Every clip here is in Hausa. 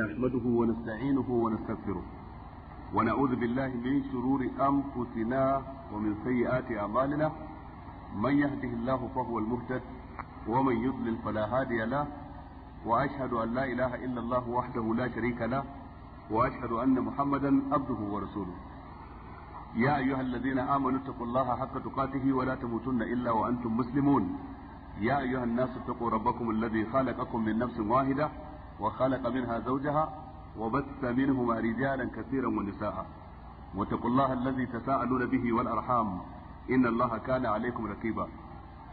نحمده ونستعينه ونستغفره ونعوذ بالله من شرور أنفسنا ومن سيئات أعمالنا من يهده الله فهو المهتد ومن يضلل فلا هادي له وأشهد أن لا إله إلا الله وحده لا شريك له وأشهد أن محمدا عبده ورسوله يا أيها الذين آمنوا اتقوا الله حق تقاته ولا تموتن إلا وأنتم مسلمون يا أيها الناس اتقوا ربكم الذي خلقكم من نفس واحدة وخلق منها زوجها وبث منهما رجالا كثيرا ونساء واتقوا الله الذي تساءلون به والأرحام إن الله كان عليكم رقيبا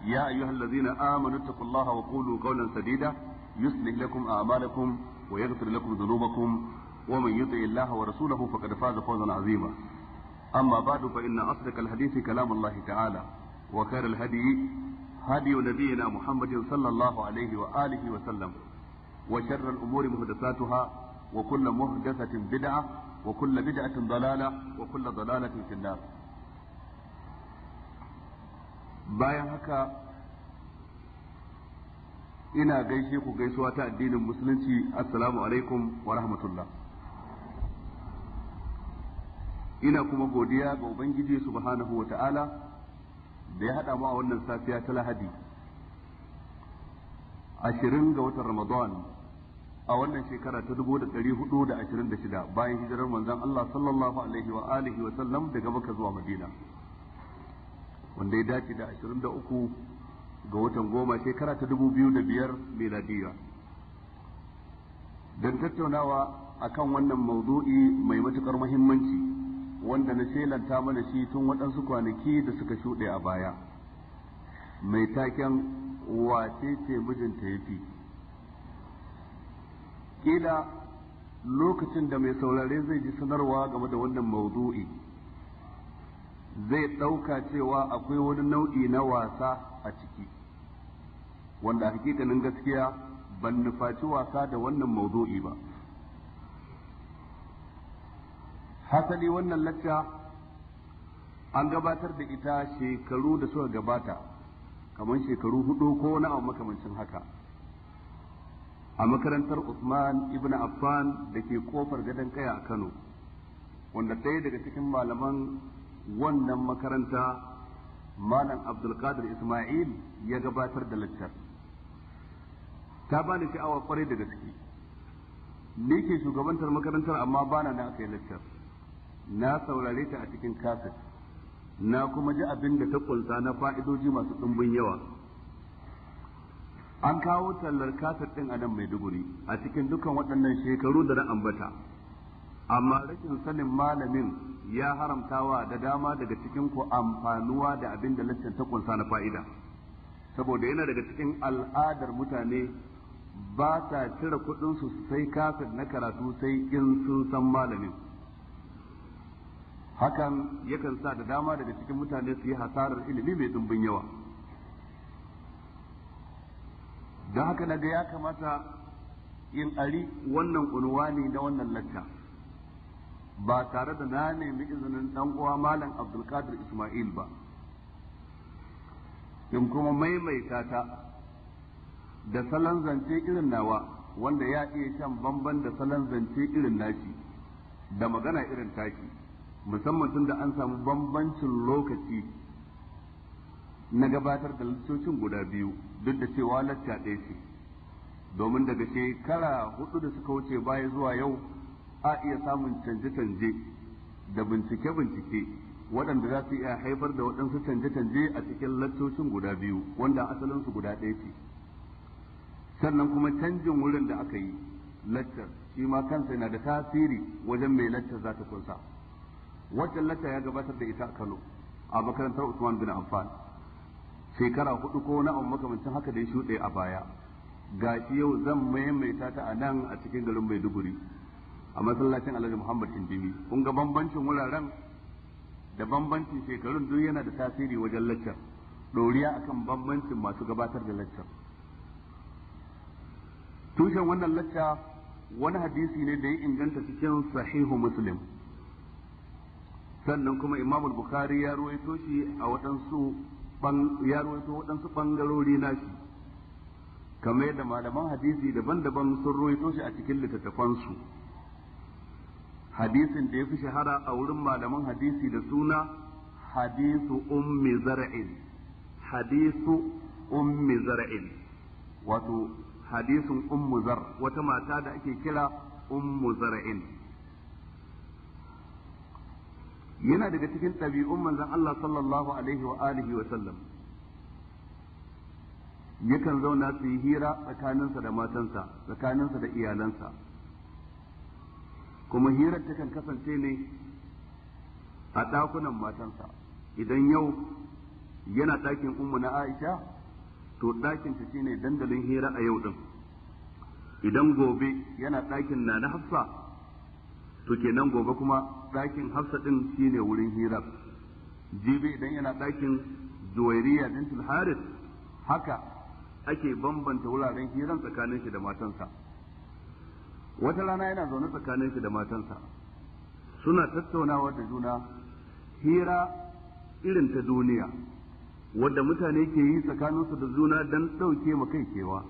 يا أيها الذين آمنوا اتقوا الله وقولوا قولا سديدا يصلح لكم أعمالكم ويغفر لكم ذنوبكم ومن يطع الله ورسوله فقد فاز فوزا عظيما أما بعد فإن أصدق الحديث كلام الله تعالى وخير الهدي هدي نبينا محمد صلى الله عليه وآله وسلم وشر الأمور محدثاتها وكل محدثة بدعة وكل بدعة ضلالة وكل ضلالة في النار bayan haka ina gaishe ku gaisuwa ta addinin musulunci assalamu alaikum wa rahmatullah ina kuma godiya ga ubangiji subhanahu wa ta'ala da ya haɗa mu a wannan safiya ta lahadi ashirin ga watan ramadan a wannan shekara ta 1426 bayan hijirar manzon Allah sallallahu alaihi wa alihi wa sallam daga Makka zuwa Madina wanda ya dace da 23 ga watan goma shekara ta 2005 miladiya don tattaunawa akan wannan maudu'i mai matukar muhimmanci wanda na shelanta mana shi tun waɗansu kwanaki da suka shuɗe a baya mai taken wace ce mijinta ya fi kila lokacin da mai saurare zai ji sanarwa game da wannan maudu'i zai ɗauka cewa akwai wani nau'i na wasa a ciki wanda a hakikanin gaskiya ban nufaci wasa da wannan maudu'i ba hasali wannan lacca an gabatar da ita shekaru da suka gabata kamar shekaru hudu ko na makamancin haka a makarantar Usman ibn Affan da ke kofar gadon kaya a Kano wanda ɗaya daga cikin malaman wannan makaranta malam Abdulkadir Ismail ya gabatar da laccar ta bani sha'awa kwarai da gaske ni ke shugabantar makarantar amma bana na aka yi laccar na saurare ta a cikin kaset na kuma ji abin da ta kunsa na fa'idoji masu ɗumbin yawa an kawo tallar kasar ɗin a mai maiduguri a cikin dukan waɗannan shekaru da na ambata amma rashin sanin malamin ya haramtawa da dama daga cikin ku amfanuwa da abin da lashin ta kunsa na fa'ida saboda yana daga cikin al'adar mutane ba ta cire kuɗinsu sai kafin na karatu sai in sun san malamin hakan yakan sa da dama daga cikin mutane su yi hasarar ilimi mai ɗumbin yawa don haka na ga ya kamata yin ari wannan ne na wannan lacca ba tare da na nemi izinin dan uwa malam abdulkadir ismail ba in kuma maimaita ta da salon zance irin nawa wanda ya iya shan bamban da salon zance irin naci da magana irin taki musamman tun da an samu bambancin lokaci na gabatar da littocin guda biyu duk da cewa lacca ɗaya ce domin daga shekara hudu da suka wuce baya zuwa yau a iya samun canje-canje da bincike-bincike waɗanda za su iya haifar da waɗansu canje-canje a cikin laccocin guda biyu wanda asalinsu guda ɗaya ce sannan kuma canjin wurin da aka yi laccar shi ma kansa yana da tasiri wajen mai laccar za ta kunsa wajen lacca ya gabatar da ita a kano a makarantar usman bin amfani. shekara hudu ko na makamancin haka da ya shuɗe a baya ga shi yau zan maimaita ta a nan a cikin garin maiduguri a masallacin alhaji muhammad indimi kun ga bambancin wuraren da bambancin shekarun duk yana da tasiri wajen laccar ɗoriya akan bambancin masu gabatar da laccar tushen wannan lacca wani hadisi ne da ya inganta cikin sahihu muslim sannan kuma imamul bukhari ya ruwaito shi a waɗansu ya rawaito waɗansu ɓangarori na shi kamar yadda malaman hadisi daban-daban sun rawaito shi a cikin littattafansu hadisin da ya fi shahara a wurin malaman hadisi da suna hadisu ummi zara'in hadisu ummi zara'in wato hadisin ummu zar wata mata da ake kira ummu zara'in yana daga cikin ɗabi'un manzon Allah sallallahu alaihi wa alihi wa sallam yakan zauna su yi hira tsakaninsa da matansa tsakaninsa da iyalansa kuma hirar ta kan kasance ne a ɗakunan matansa idan yau yana ɗakin umu na aisha to ɗakinta shine dandalin hira a yau ɗin idan gobe yana ɗakin na na hafsa to kenan gobe kuma ɗakin hafsa ɗin shi ne wurin hira jibi idan yana ɗakin juwairiya ɗin harith haka ake bambanta wuraren hiran tsakanin shi da matansa wata rana yana zaune tsakanin shi da matansa suna tattaunawa da juna hira irin ta duniya wadda mutane ke yi tsakaninsu da juna don ɗauke ma kai kewa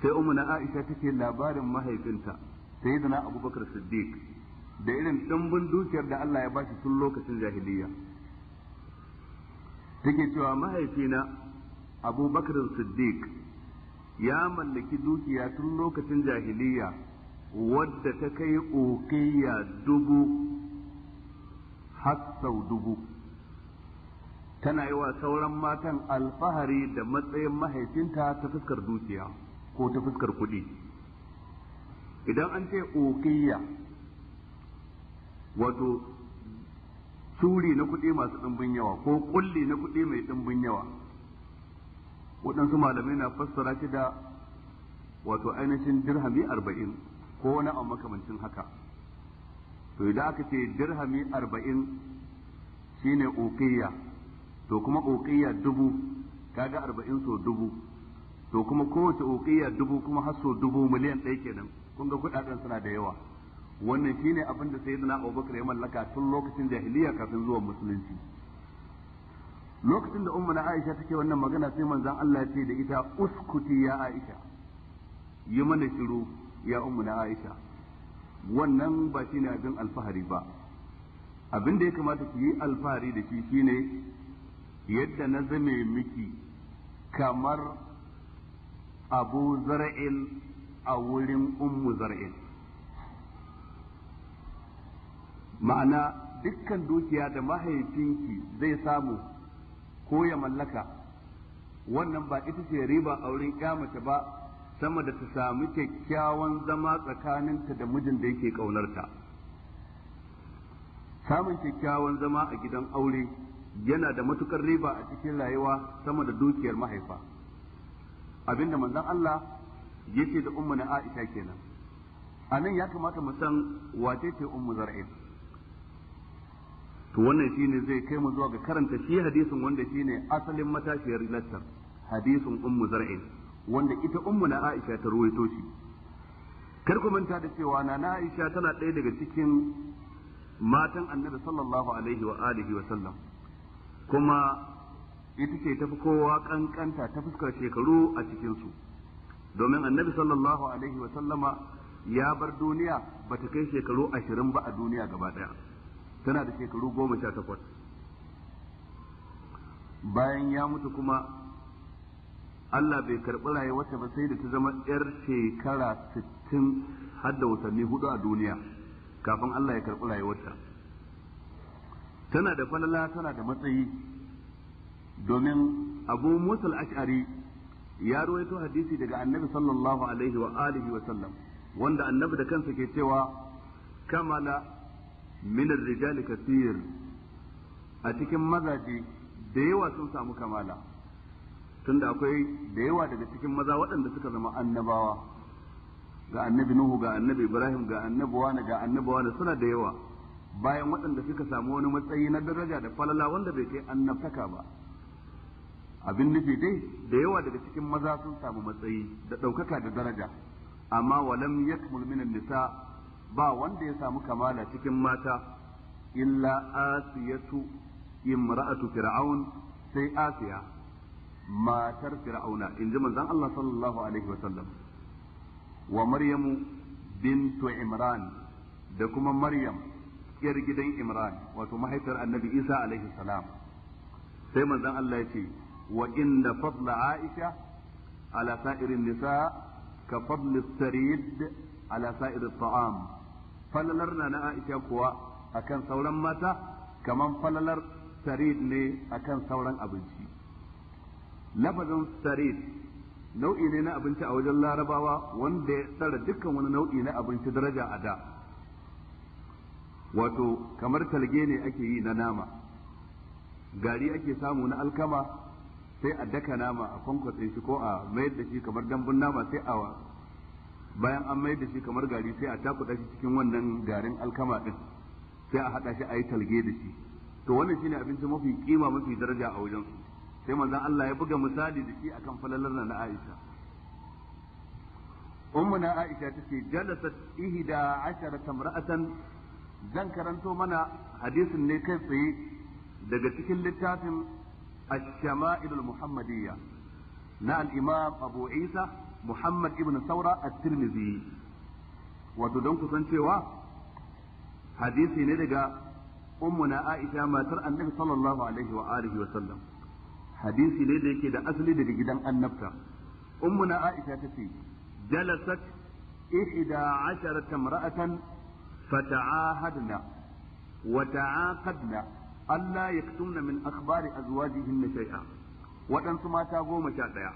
sai na aisha take labarin mahaifinta sai da na abubakar siddiq da irin ɗimbin dukiyar da Allah ya bashi tun lokacin jahiliya take cewa mahaifina Abu Bakr Siddiq ya mallaki dukiya tun lokacin jahiliya wadda ta kai ukiya dubu har sau dubu tana yi wa sauran matan alfahari da matsayin mahaifinta ta fuskar dukiya ko ta fuskar kuɗi idan an ce ƙoƙiya wato shuri na kuɗi masu ɗimbin yawa ko ƙulli na kuɗi mai ɗimbin yawa waɗansu malamai na fassara shi da wato ainihin dirhami arba'in ko wani abu makamancin haka to idan aka ce dirhami arba'in shine uqiyya to kuma ƙoƙiyya dubu kaga arba'in so dubu to kuma kowace ƙoƙiyya dubu kuma har so dubu miliyan ɗaya kenan kun ga kuɗaɗen suna da yawa wannan shine abin da sayyidina Bakar ya mallaka tun lokacin jahiliya kafin zuwa musulunci lokacin da umma na Aisha take wannan magana sai manzon Allah ya ce da ita uskuti ya Aisha yi mana shiru ya umma na Aisha wannan ba shine abin alfahari ba abin da ya kamata ki yi alfahari da shi shine yadda na zame miki kamar abu zara'il a wurin ummu zara'il ma'ana dukkan dukiya da mahaifinki zai samu ko ya mallaka wannan ba ita ce riba a wurin mace ba sama da ta sami kyakkyawan zama tsakaninta da mijin da yake ƙaunarta samun kyakkyawan zama a gidan aure yana da matukar riba a cikin rayuwa sama da dukiyar mahaifa abinda manzon Allah yake da ummu na Aisha kenan anan ya kamata mu san wace ce ummu zar'in to wannan shine zai kai mu zuwa ga karanta shi hadisin wanda shine asalin matashiyar lattar hadisin ummu zar'in wanda ita ummu na Aisha ta ruwaito shi kar ku manta da cewa na na Aisha tana ɗaya daga cikin matan annabi sallallahu alaihi wa alihi wa sallam kuma ita ce ta fi kowa kankanta ta fuskar shekaru a cikinsu domin annabi sallallahu alaihi wa sallama ya bar duniya bata kai shekaru ashirin ba a duniya gaba ɗaya tana da shekaru goma sha takwas bayan ya mutu kuma Allah bai karɓi rayuwarta ba sai da ta zama 'yar shekara sittin hadda wasanni watanni hudu a duniya kafin Allah ya karɓi rayuwarta tana da falala tana da matsayi domin abu musul ash'ari ya ruwaito hadisi daga annabi sallallahu alaihi wa alihi wa sallam wanda annabi da kansa ke cewa kamala min ar-rijali kathir a cikin mazaje da yawa sun samu kamala tunda akwai da yawa daga cikin maza waɗanda suka zama annabawa ga annabi nuhu ga annabi ibrahim ga annabi wani ga annabi wani suna da yawa bayan waɗanda suka samu wani matsayi na daraja da falala wanda bai kai annabtaka ba abin nufi dai da yawa daga cikin maza sun samu matsayi da ɗaukaka da daraja amma walam yakmul minan nisa ba wanda ya samu kamala cikin mata illa asiyatu imra'atu fir'aun sai asiya matar fir'auna in ji manzon Allah sallallahu alaihi sallam, wa maryamu bintu imran da kuma maryam yar gidan imran wato mahaifiyar annabi isa alaihi salam sai manzon Allah ya ce wa inna fadla aisha ala sa'irin nisa ka fadli sarid ala sa'irin ta'am falalar na na Aisha kuwa akan sauran mata kamar falalar sarid ne akan sauran abinci lafazin sarid nau'i ne na abinci a wajen larabawa wanda ya tsara dukkan wani nau'i na abinci daraja a da wato kamar talge ne ake yi na nama gari ake samu na alkama sai a daka nama a kwankwatsa shi ko a mayar da shi kamar dambun nama sai a bayan an mai da shi kamar gari sai a takuda shi cikin wannan garin alkama din sai a hada shi a yi talge da shi to wannan shine abinci mafi kima mafi daraja a wajen su sai manzon Allah ya buga misali da shi akan falalar na Aisha na Aisha tace jalasat ihda ashara tamra'atan zan karanto mana hadisin ne kai tsaye daga cikin littafin الشمائل muhammadiyya na الإمام أبو عيسى Muhammad ibn Saura a tirmidhi wato don kusan cewa hadisi ne daga ummuna Aisha matar Annabi sallallahu alaihi wa alihi wa sallam hadisi ne da yake da asali daga gidan annabta ummuna Aisha ta ce jalasat ihda asharat imra'atan fata'ahadna wa ta'aqadna alla yaktumna min akhbari azwajihinna shay'a waɗansu mata goma sha ɗaya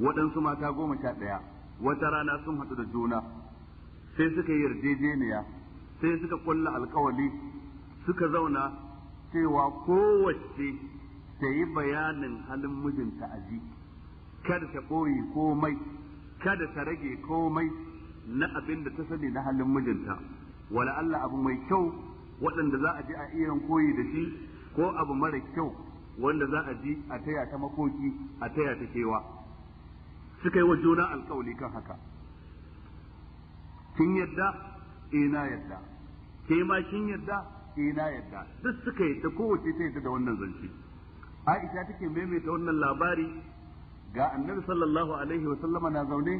waɗansu mata goma sha ɗaya wata rana sun haɗu da juna sai suka yi yarjejeniya sai suka kulla alkawali suka zauna cewa kowace ta yi bayanin halin mijinta a ji kada ta ɓoye komai kada ta rage komai na abin da ta sani na halin mijinta wala Allah abu mai kyau waɗanda za a ji a iya koyi da shi ko abu mara kyau wanda za a ji a taya ta makoki a taya ta kewa suka yi wa juna alkawali kan haka kin yadda ina eh, yadda ke ma kin yadda ina eh, yadda duk suka yadda kowace ta yadda da wannan zance Aisha take maimaita wannan labari ga annabi sallallahu alaihi wa sallama na zaune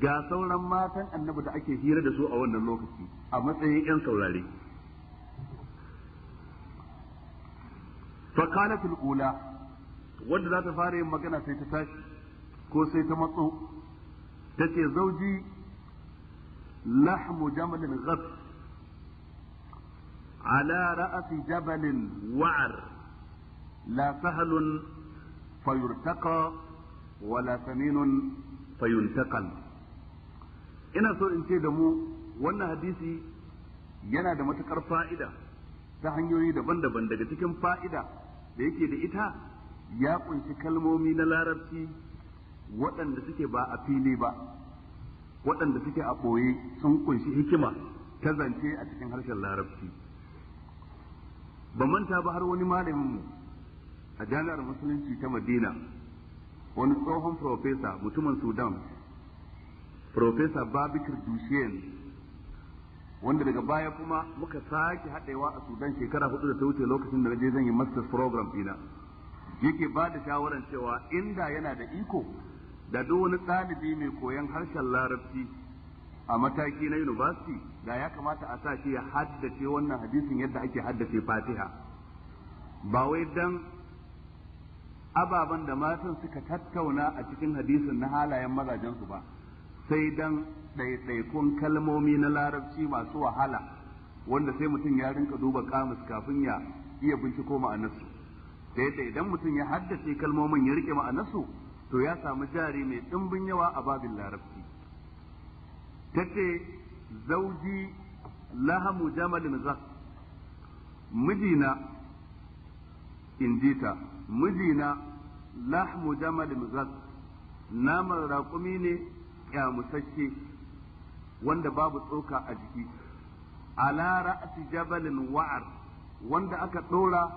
ga sauran matan annabi da ake hira da su a wannan lokaci a matsayin yan saurare fa kana fil ula wanda za ta fara yin magana sai ta tashi ko sai ta matso ta ce zauji lahmu jamalin ghaf ala ra'asi jabalin wa'ar la sahlun fayurtaqa wala saminun fayuntaqal ina so in ce da mu wannan hadisi yana da matukar fa'ida ta hanyoyi daban-daban daga cikin fa'ida da yake da ita ya kunshi kalmomi na larabci waɗanda suke ba a fili ba waɗanda suke a ɓoye sun kunshi hikima ta zance a cikin harshen larabci Ba manta ba har wani malaminmu a jami'ar musulunci ta madina wani tsohon profesa mutumin sudan profesa babikir Dushen. wanda daga baya kuma muka sake haɗewa a sudan shekara hudu da ta wuce lokacin da je zan yi masters program ɗina yake ba da shawaran cewa inda yana da iko da duk wani ɗalibi mai koyon harshen larabci a mataki na university da ya kamata a sa shi ya haddace wannan hadisin yadda ake haddace fatiha ba wai dan ababen da matan suka tattauna a cikin hadisin na halayen mazajensu ba sai dan ɗaiɗaikun kalmomi na larabci masu wahala wanda sai mutum ya rinka duba kamus kafin ya iya binciko ma'anarsu da yadda idan mutum ya haddace kalmomin ya rike ma'anarsu to ya samu jari mai ɗimbin yawa a babin larabci ta ce zauji lahamu jamalin zak mijina injita mijina lahamu jamalin zak naman raƙumi ne ƙyamusasshe wanda babu tsoka a jiki ala ra'ati jabalin wa'ar wanda aka ɗora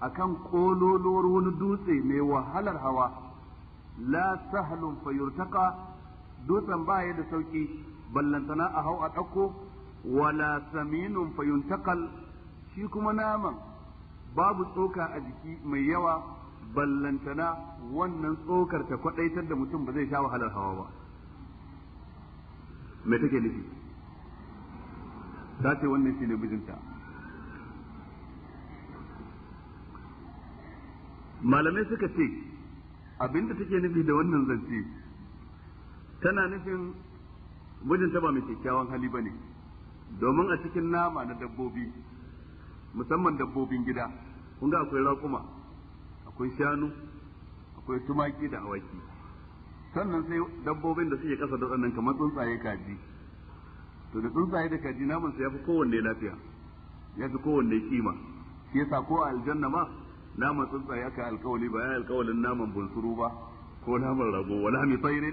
akan kololuwar wani dutse mai wahalar hawa la sahlun fayurtaqa dutsen baya da sauki ballantana a hau a ɗauko wala saminun fayuntakal shi kuma naman babu tsoka a jiki mai yawa ballantana wannan tsokar ta kwadaitar da mutum ba zai sha wahalar hawa ba me take nufi ta ce wannan shi ne bijinta malamai suka ce abinda take nufi da wannan zance tana nufin mijinta ba mai kyakkyawan hali ba ne domin a cikin nama na dabbobi musamman dabbobin gida kun ga akwai raƙuma akwai shanu akwai tumaki da awaki sannan sai dabbobin da suke kasa da tsannan kamar tsuntsaye kaji to da tsuntsaye da kaji naman ya yafi kowanne lafiya yafi kowanne kima shi yasa ko aljanna ma naman tsuntsaye aka alkawali ba ya alkawalin naman bunsuru ba ko naman rago wala mi tsairin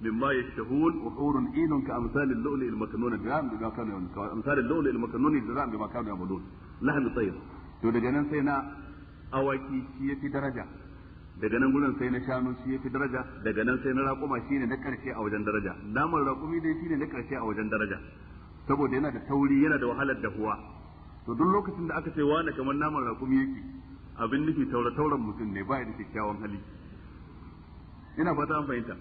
mimma yashhun wa hurun inun ka amsal al-lu'lu al-maknun dirham bima kanu yamalun amsal al-lu'lu al-maknun dirham bima kanu yamalun lahm tsair to daga nan sai na awaki shi yafi daraja daga nan gurin sai na shanu shi yafi daraja daga nan sai na raƙuma shine na ƙarshe a wajen daraja naman raƙumi dai shine na ƙarshe a wajen daraja saboda yana da tauri yana da wahalar dahuwa to duk lokacin da aka ce wani kamar naman raƙumi yake abin nufi taura tauran mutum ne ba da kyakkyawan hali ina fata an fahimta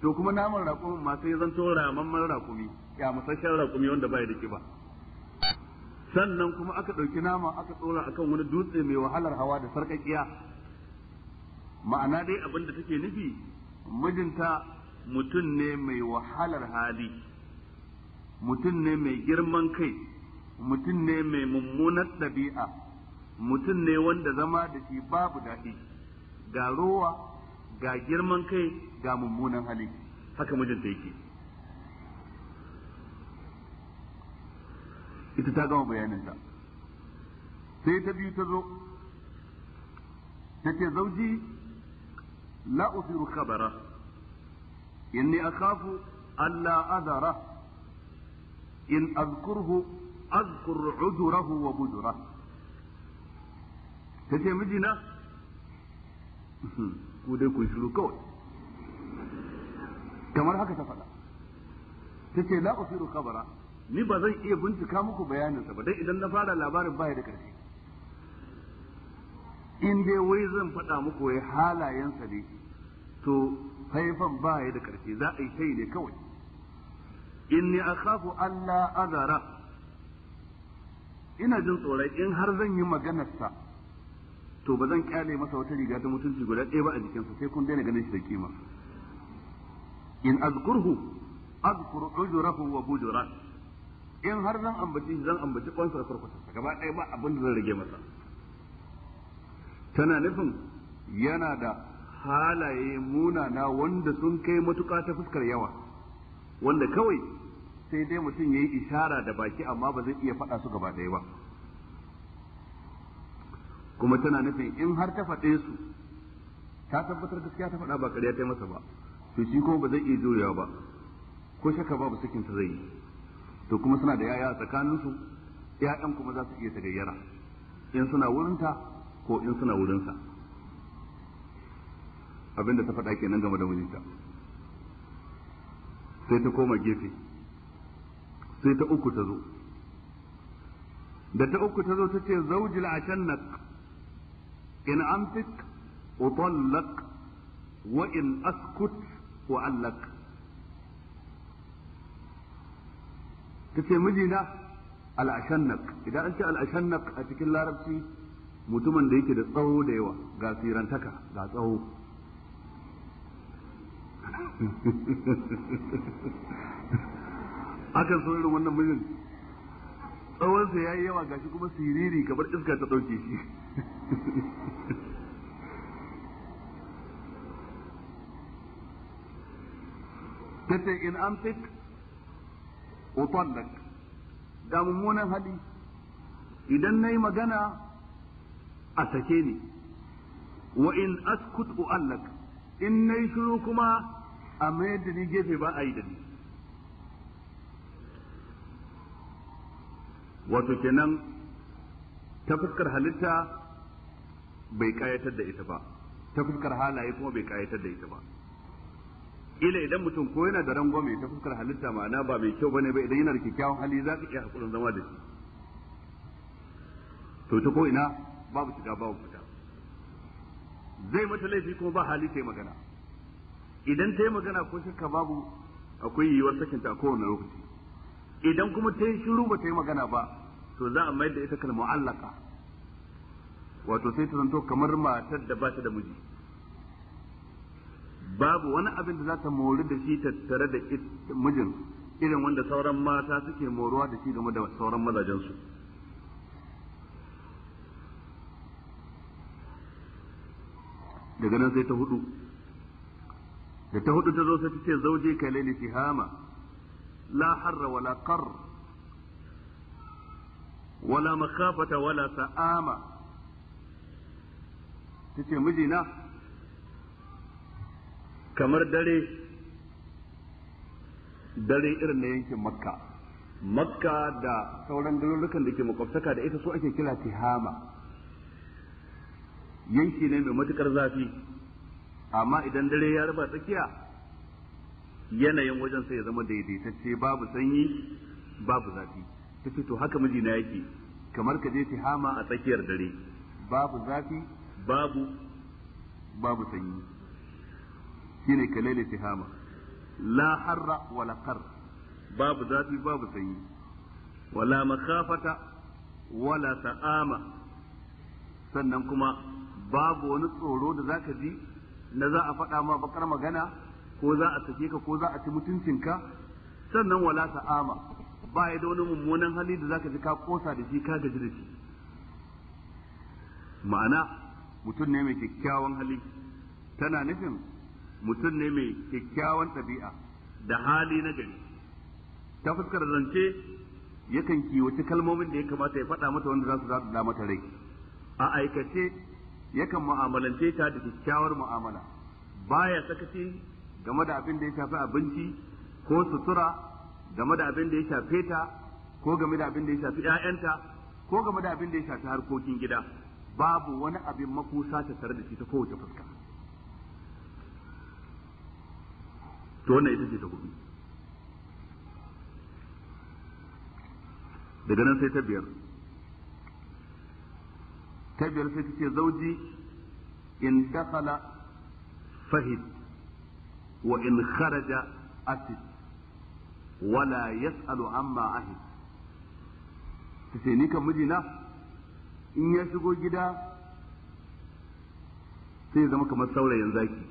to kuma naman raƙumi masu sai zan tora mamman raƙumi ya musasshen raƙumi wanda bai da kiba sannan kuma aka ɗauki nama aka tsora akan wani dutse mai wahalar hawa da sarƙaƙiya ma'ana dai abin da take nufi mijinta mutum ne mai wahalar hali mutum ne mai girman kai mutum ne mai mummunar ɗabi'a mutum ne wanda zama da shi babu daɗi ga rowa ga girman kai ga mummunan hali haka mijinta yake ita ta gama bayaninta sai ta biyu ta zo ta ce zauji la usiru khabara inni akhafu alla adara in azkurhu azkur udurahu wa budurahu ta ce mijina hmm, ku dai ku shiru kawai kamar haka ta faɗa ta ce la usiru kabara ni ba zan iya bincika muku bayaninsa ba dai idan na fara labarin baya da ƙarfi in dai wai zan faɗa muku wai halayensa ne to faifan baya da ƙarfi za a yi sai ne kawai inni akhafu Allah azara ina jin tsoron in har zan yi maganarsa to ba zan kyale masa wata riga ta mutunci guda ɗaya ba a jikinsa sai kun daina ganin shi da kima in azkurhu azkur ujrahu wa bujurat in har zan ambaci zan ambaci kwansa da gaba ɗaya ba abin da zan rage masa tana nufin yana da halaye munana wanda sun kai matuƙa ta fuskar yawa wanda kawai sai dai mutum ya yi ishara da baki amma ba zai iya faɗa su gaba ɗaya ba kuma tana nufin in har ta faɗe su ta tabbatar gaskiya ta faɗa ba ƙarya ta masa ba to shi kuma ba zai iya jurewa ba ko shaka babu sakin ta zai yi to kuma suna da yaya tsakanin su ƴaƴan kuma za su iya ta gayyara in suna wurinta ko in suna wurinsa abinda ta faɗa kenan game da mijinta sai ta koma gefe sai ta uku ta zo da ta uku ta zo ta ce zaujil ashannaq in amsik utallaq wa in askut u'allaq tace mijina al'ashannak idan an ce al'ashannak a cikin larabci mutumin da yake da tsawo da yawa ga sirantaka ga tsawo akan so irin wannan mijin tsawonsa ya yi yawa gashi kuma siriri kamar iska ta ɗauke shi tace in an amsik utallak da mummunan hali idan na yi magana a sake ni wa in askut u'allak in na yi shiru kuma a mayar da gefe ba a yi da ni wato kenan ta fuskar halitta bai kayatar da ita ba ta fuskar halaye kuma bai kayatar da ita ba ila idan mutum ko yana da rangwame ta fuskar halitta ma'ana ba mai kyau bane ba idan yana da kyakkyawan hali za ka iya hakurin zama da shi to ta ko ina babu shiga babu fita zai mata laifi kuma ba hali ta magana idan ta yi magana ko shakka babu akwai yiwuwar sakin a kowane lokaci idan kuma ta yi shiru ba ta yi magana ba to za a mayar da ita kalmu'allaka wato sai ta zanto kamar matar da ba ta da miji babu wani abin da za ta mori da shi tattare da mijin irin wanda sauran mata suke moruwa da shi game da sauran mazajensu daga nan sai ta hudu da ta hudu ta zo sai ta ce zauje ka laili hama la harra wala qarr wala makhafata wala sa'ama ta ce mijina kamar dare dare irin na yankin makka makka da sauran garurukan da ke makwabtaka da ita su ake kira tihama yanki ne mai matukar zafi amma idan dare ya raba tsakiya yanayin wajen sai ya zama daidaitacce babu sanyi babu zafi ta ce haka mijina yake kamar ka je tihama a tsakiyar dare babu zafi babu babu sanyi shine kalele tihama la harra wala qar babu zafi babu sanyi wala makhafata wala ta'ama sannan kuma babu wani tsoro da zaka ji na za a faɗa ma bakar magana ko za a sake ka ko za a ci ka sannan wala sa'ama. ba ya da wani mummunan hali da zaka ji ka kosa da shi ka gaji da shi ma'ana mutum ne mai kyakkyawan hali tana nufin mutum ne mai kyakkyawan ɗabi'a da hali na gari ta fuskar zance yakan kiwaci kalmomin da ya kamata ya faɗa mata wanda za su da mata rai a aikace yakan mu'amalance ta da kyakkyawar mu'amala baya sakaci game da abin da ya shafi abinci ko sutura game da abin da ya shafe ta ko game da abin da ya shafi 'ya'yanta ko game da abin da ya shafi harkokin gida babu wani abin makusa ta tare da shi ta kowace fuska to wannan ita ce ta hudu daga nan sai ta biyar ta biyar sai ta ce zauji in dakala fahid wa in kharaja asid wala yas'alu amma ahid ta ce ni kan mijina in ya shigo gida sai zama kamar saurayin zaki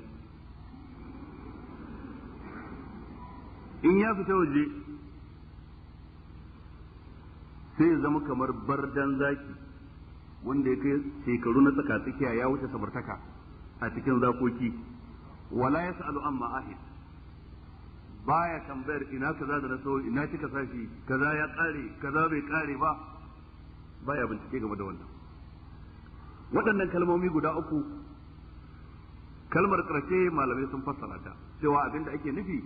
in ya fita waje sai zama kamar bardan zaki wanda ya kai shekaru na tsaka-tsakiya ya wuce samartaka a cikin zakoki wala ya sa'alu amma ahid baya tambayar ina kaza da na ina kika sashi kaza ya kare kaza bai kare ba baya bincike game da wannan waɗannan kalmomi guda uku kalmar ƙarshe malamai sun fassara ta cewa abin da ake nufi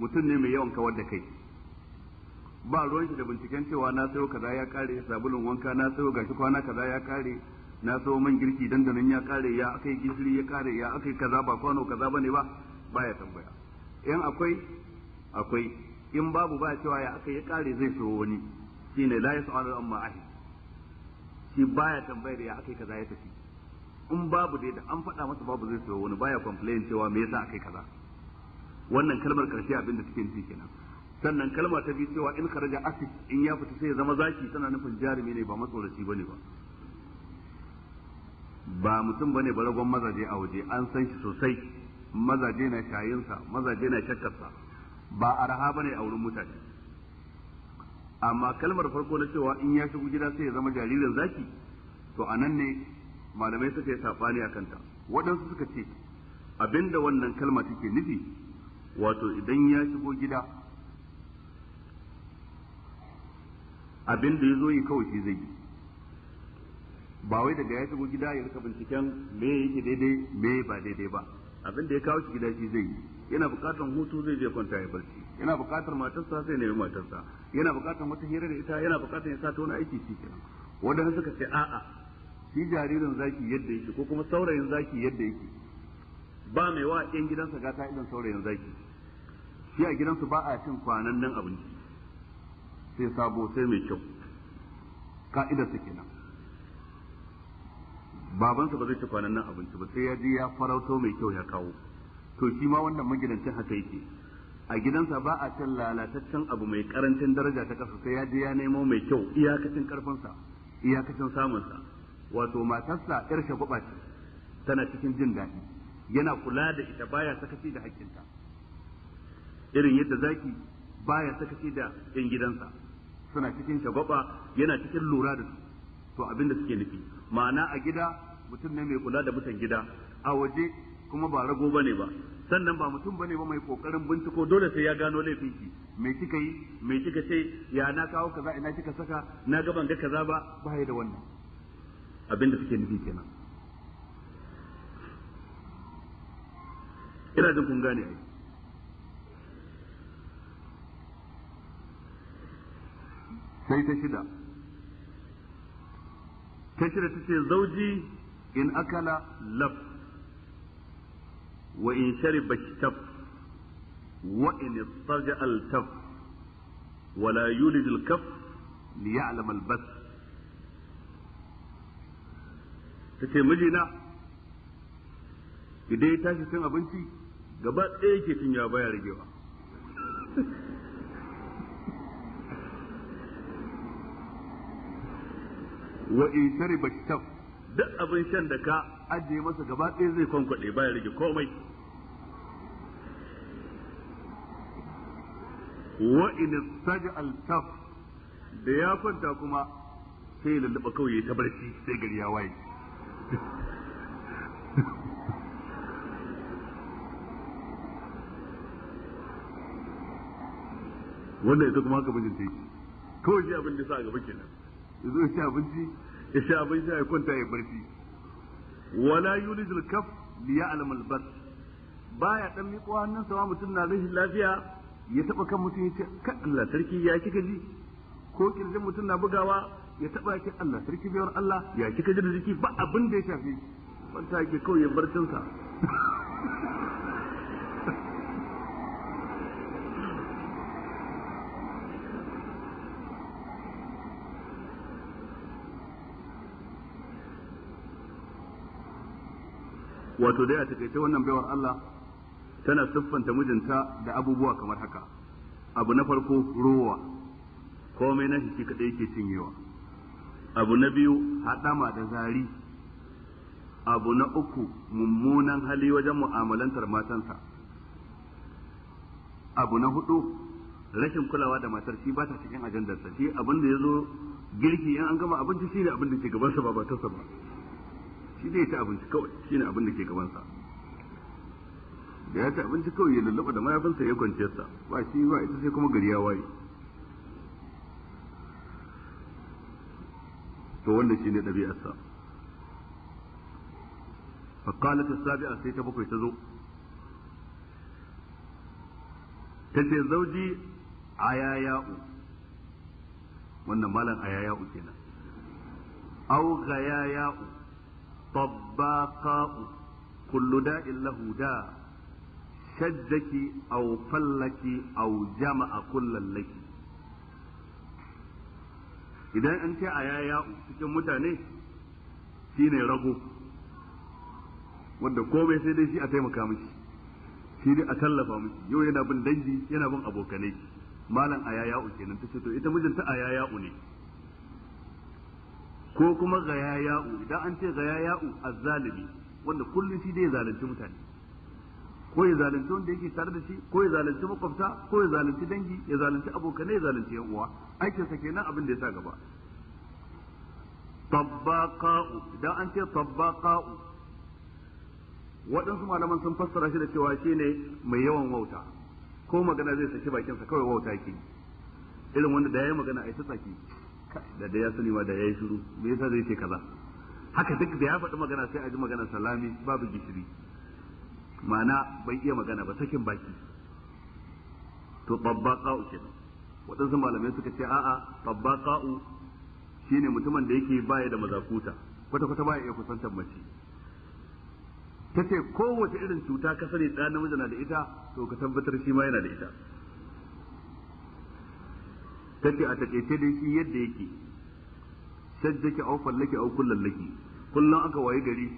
mutum ne mai yawan kawar da kai ba ruwan shi da binciken cewa na sayo kaza ya kare sabulun wanka na sayo gashi kwana kaza ya kare na sayo man girki dandanan ya kare ya akai gishiri ya kare ya akai kaza ba kwano kaza bane ba baya tambaya in akwai akwai in babu ba cewa ya akai ya kare zai sayo wani shine la yasalu amma ahli shi baya tambayar ya akai kaza ya tafi in babu dai da an faɗa masa babu zai sayo wani baya complain cewa me yasa akai kaza wannan kalmar karshe abin da take nufi kenan sannan kalmar ta biyu cewa in kharaja asif in ya fita sai ya zama zaki tana nufin jarumi ne ba matsoraci bane ba ba mutum bane ba ragon mazaje a waje an san shi sosai mazaje na shayinsa mazaje na shakkarsa ba araha bane a wurin mutane amma kalmar farko na cewa in ya shigo gida sai ya zama jaririn zaki to a nan ne malamai suka yi saɓani a kanta waɗansu suka ce abinda wannan kalma take nufi wato idan ya shigo gida abinda ya zo yi kawai shi zai yi ba wai daga ya shigo gida ya rika binciken me yake daidai me ba daidai ba abinda ya kawo shi gida shi zai yi yana buƙatar hutu zai je kwanta ya barci yana buƙatar matarsa sai nemi matarsa yana buƙatar wata hira da ita yana buƙatar ya sa ta wani aiki shi kenan suka ce a'a shi jaririn zaki yadda yake ko kuma saurayin zaki yadda yake ba mai wa ɗan gidansa gata idan saurayin zaki shi a gidansu ba a cin kwanan nan abinci sai sabo sai mai kyau ka'idar su kenan babansa ba zai ci kwanan nan abinci ba sai ya je ya farauto mai kyau ya kawo to shi ma wannan magidancin haka yake a gidansa ba a cin lalataccen abu mai karancin daraja ta kasa sai ya je ya nemo mai kyau iyakacin karfinsa iyakacin samunsa wato matarsa yar shagwaba ce tana cikin jin daɗi yana kula da ita baya sakaci da hakinta. irin yadda zaki baya sakaci da yan gidansa suna cikin shagwaba yana cikin lura da su to abin da suke nufi ma'ana a gida mutum ne mai kula da mutan gida a waje kuma ba rago bane ba sannan ba mutum bane ba mai kokarin binciko dole sai ya gano laifin ki me kika yi me kika ce ya na kawo kaza ina kika saka na ga ban ga kaza ba ba ya da wannan abin da suke nufi kenan ina jin kun gane ai sai ta shida ta shida tace zauji in akala laf wa in shariba shtaf wa in istarja altaf wa la yulid alkaf mijina idan ya tashi cin abinci gaba ɗaya yake cin ya baya ragewa wa in shariba shtaf duk abin shan da ka ajiye masa gaba ɗaya zai kwankwaɗe ba ya rage komai wa in saja taf da ya kwanta kuma sai ya lallaba kawai ya ta barci sai gari ya waye wanda ita kuma haka mijin ta yi kawai shi abin da sa gaba kenan ya zo shi ci abinci ya sha abin shi ya kwanta ya barci wala yulijul kaf li ya'lam al bas baya dan miƙo hannun wa mutum na rashin lafiya ya taba kan mutum ya ka Allah sarki ya kika ji ko kirjin mutum na bugawa ya taba ki Allah sarki biyar Allah ya kika ji da jiki ba abin da ya shafi wanda yake kawai ya barcinsa wato dai a takaice wannan baiwar Allah tana siffanta mijinta da abubuwa kamar haka abu na farko ruwa komai na shi kadai yake cinyewa abu na biyu haɗama da zari abu na uku mummunan hali wajen mu'amalantar matansa abu na hudu rashin kulawa da matar shi ba ta cikin ajandarsa shi abin da ya zo girki in an gama abinci shi ne abin da ke gabansa ba ba ta ba shi zai ta abinci kawai shi ne abin da ke gabansa da ya ta abinci kawai ya lullaba da mayafinsa ya kwanciyar sa ba shi ba ita sai kuma gari ya waye to wanda shi ne ɗabi'arsa ta السابعة sai ta bakwai ta zo ta ce zauji ayaya'u wannan malam ayaya'u kenan au yaya'u طباقاء كل داء له داء شدك أو فلك أو جمع كل لك idan an ce a yaya cikin mutane shine rago wanda komai sai dai shi a taimaka mishi shi dai a tallafa mishi yau yana bin dangi yana bin abokanai malam a yaya kenan ta ce to ita mijinta a yaya ne ko kuma gaya ya'u idan an ce gaya gayaya'u azzalimi wanda kullum shi dai zalunci mutane ko ya zalunci wanda yake tare da shi ko ya zalunci makwabta ko ya zalunci dangi ya zalunci abokanai ya zalunci yan uwa aikin sa kenan abin da ya sa gaba tabbaqa'u idan an ce tabbaqa'u waɗansu malaman sun fassara shi da cewa shi ne mai yawan wauta ko magana zai saki bakinsa kawai wauta yake irin wanda da yayi magana ai ta tsaki da da ya sani ma da ya yi shiru me yasa zai ce kaza haka duk da ya faɗi magana sai a ji magana salami babu gishiri ma'ana bai iya magana ba sakin baki to babba ka'u ce waɗansu malamai suka ce a'a babba tabbaqa'u shine mutumin da yake baya da mazakuta kwata kwata baya iya kusantar mace tace kowace irin cuta ka sani da namiji na da ita to ka tabbatar shi ma yana da ita tace a takaice dai shi yadda yake sajjake au fallake au laki kullum aka waye gari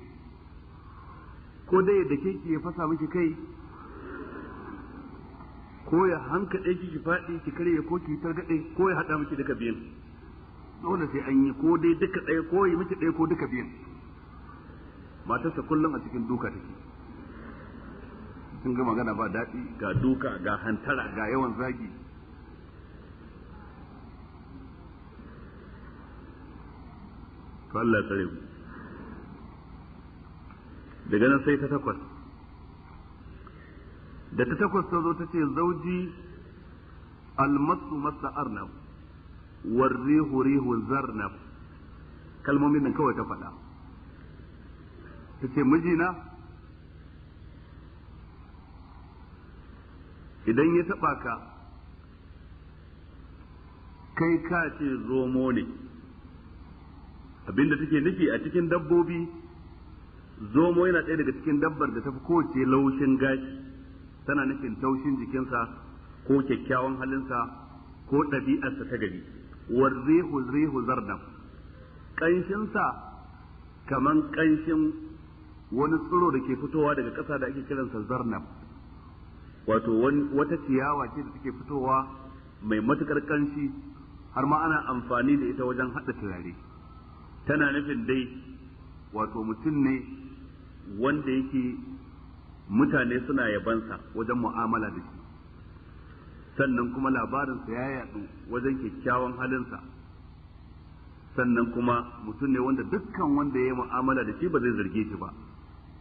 ko dai da ke ya fasa miki kai ko ya hanka ki ki fadi ki kare ko ki targade ko ya haɗa miki duka biyan dole sai an yi ko dai duka ɗaya ko yi miki ɗaya ko duka biyan ta kullum a cikin duka take sun ga magana ba daɗi ga duka ga hantara ga yawan zagi to Allah ya tsare mu daga nan sai ta takwas da ta takwas ta zo ta ce zauji almasu masa arnab warrihu rihu zarnab kalmomin nan kawai ta faɗa ta ce mijina idan ya taɓa ka kai ka ce zomo ne Abin abinda take nufi a cikin dabbobi zomo yana ɗaya daga cikin dabbar da ta fi kowace laushin gashi tana nufin taushin jikinsa ko kyakkyawan halinsa ko ɗabi'arsa ta gari warzihu zrihu zardam ƙanshinsa kaman ƙanshin wani tsiro da ke fitowa daga ƙasa da ake kiransa zarnab wato wata ciyawa ce da take fitowa mai matuƙar ƙanshi har ma ana amfani da ita wajen haɗa turare tana nufin dai wato mutum ne wanda yake mutane suna yabansa wajen mu'amala da shi sannan kuma labarinsa ya yadu wajen kyakkyawan sa, sannan kuma mutum ne wanda dukkan wanda ya yi mu'amala da shi ba zai zarge shi ba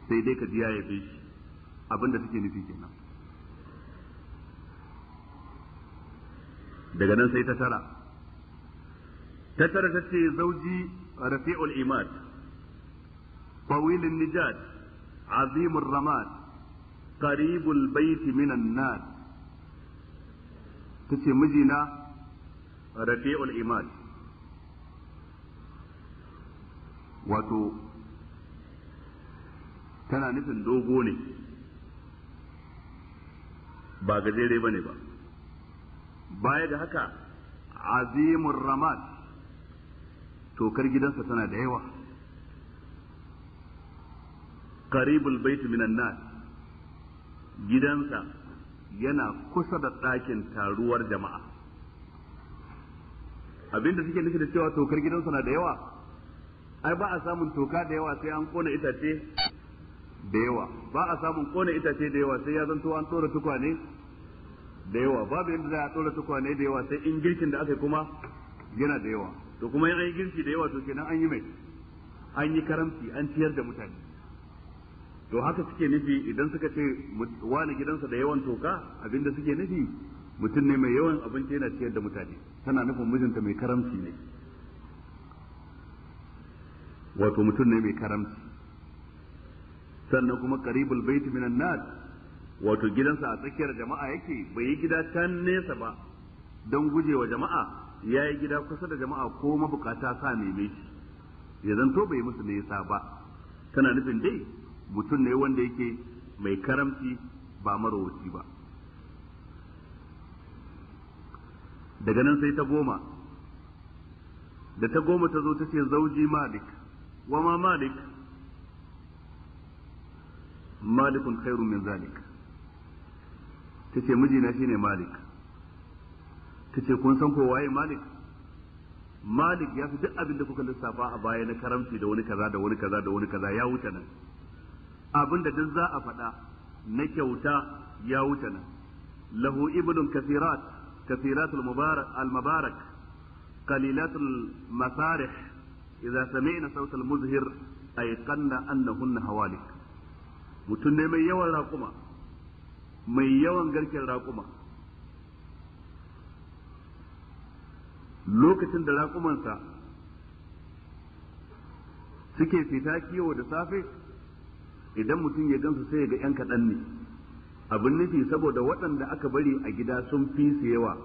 sai dai ka ji ya yabe shi abinda take nufi kenan daga nan sai ta tara ta tara ta ce zauji رفيع الإيمان طويل النجاة عظيم الرماد قريب البيت من الناس تتي مجينا رفيع الإيمان wato tana nufin دوغوني باقزيري بني با بايد هكا عظيم الرماد tokar gidansa tana da yawa qaribul bait minan nas gidansa yana kusa da ɗakin taruwar jama'a abinda suke nufi da cewa tokar gidansa na da yawa ai ba a samun toka da yawa sai an kona itace da yawa ba a samun kona itace da yawa sai ya zanto an tsora tukwane da yawa babu yadda za a tsora tukwane da yawa sai in girkin da aka yi kuma yana da yawa to kuma in yi girki da yawa to kenan an yi mai an yi karamci an ciyar da mutane to haka suke nufi idan suka ce wani gidansa da yawan toka abinda suke nufi mutum ne mai yawan abinci yana ciyar da mutane tana nufin mijinta mai karamci ne wato mutum ne mai karamci sannan kuma karibul baiti minan nas wato gidansa a tsakiyar jama'a yake bai yi gida can nesa ba don gujewa jama'a ya yi gida kusa da jama'a ko mabukata sa neme shi ya zanto bai musu nesa ba tana nufin dai mutum ne wanda yake mai karamci ba marowaci ba daga nan sai ta goma da ta goma ta zo ta ce zauji malik wa ma malik malikun khairun min zalik ta ce mijina shine malik ce kun san ko waye malik malik ya fi duk abin da kuka lissafa a baya na karamci da wani kaza da wani kaza da wani kaza ya wuce nan abin da duk za a faɗa na kyauta ya wuce nan lahu ibnun kathirat kathiratul mubarak al mubarak qalilatul masarih idza sami'na sautal muzhir ayqanna annahunna hawalik mutum ne mai yawan raƙuma mai yawan garken raƙuma lokacin da raƙumansa suke fita kiwo da safe idan mutum ya gansu sai ga 'yan kaɗan ne abin nufi saboda waɗanda aka bari a gida sun fi su yawa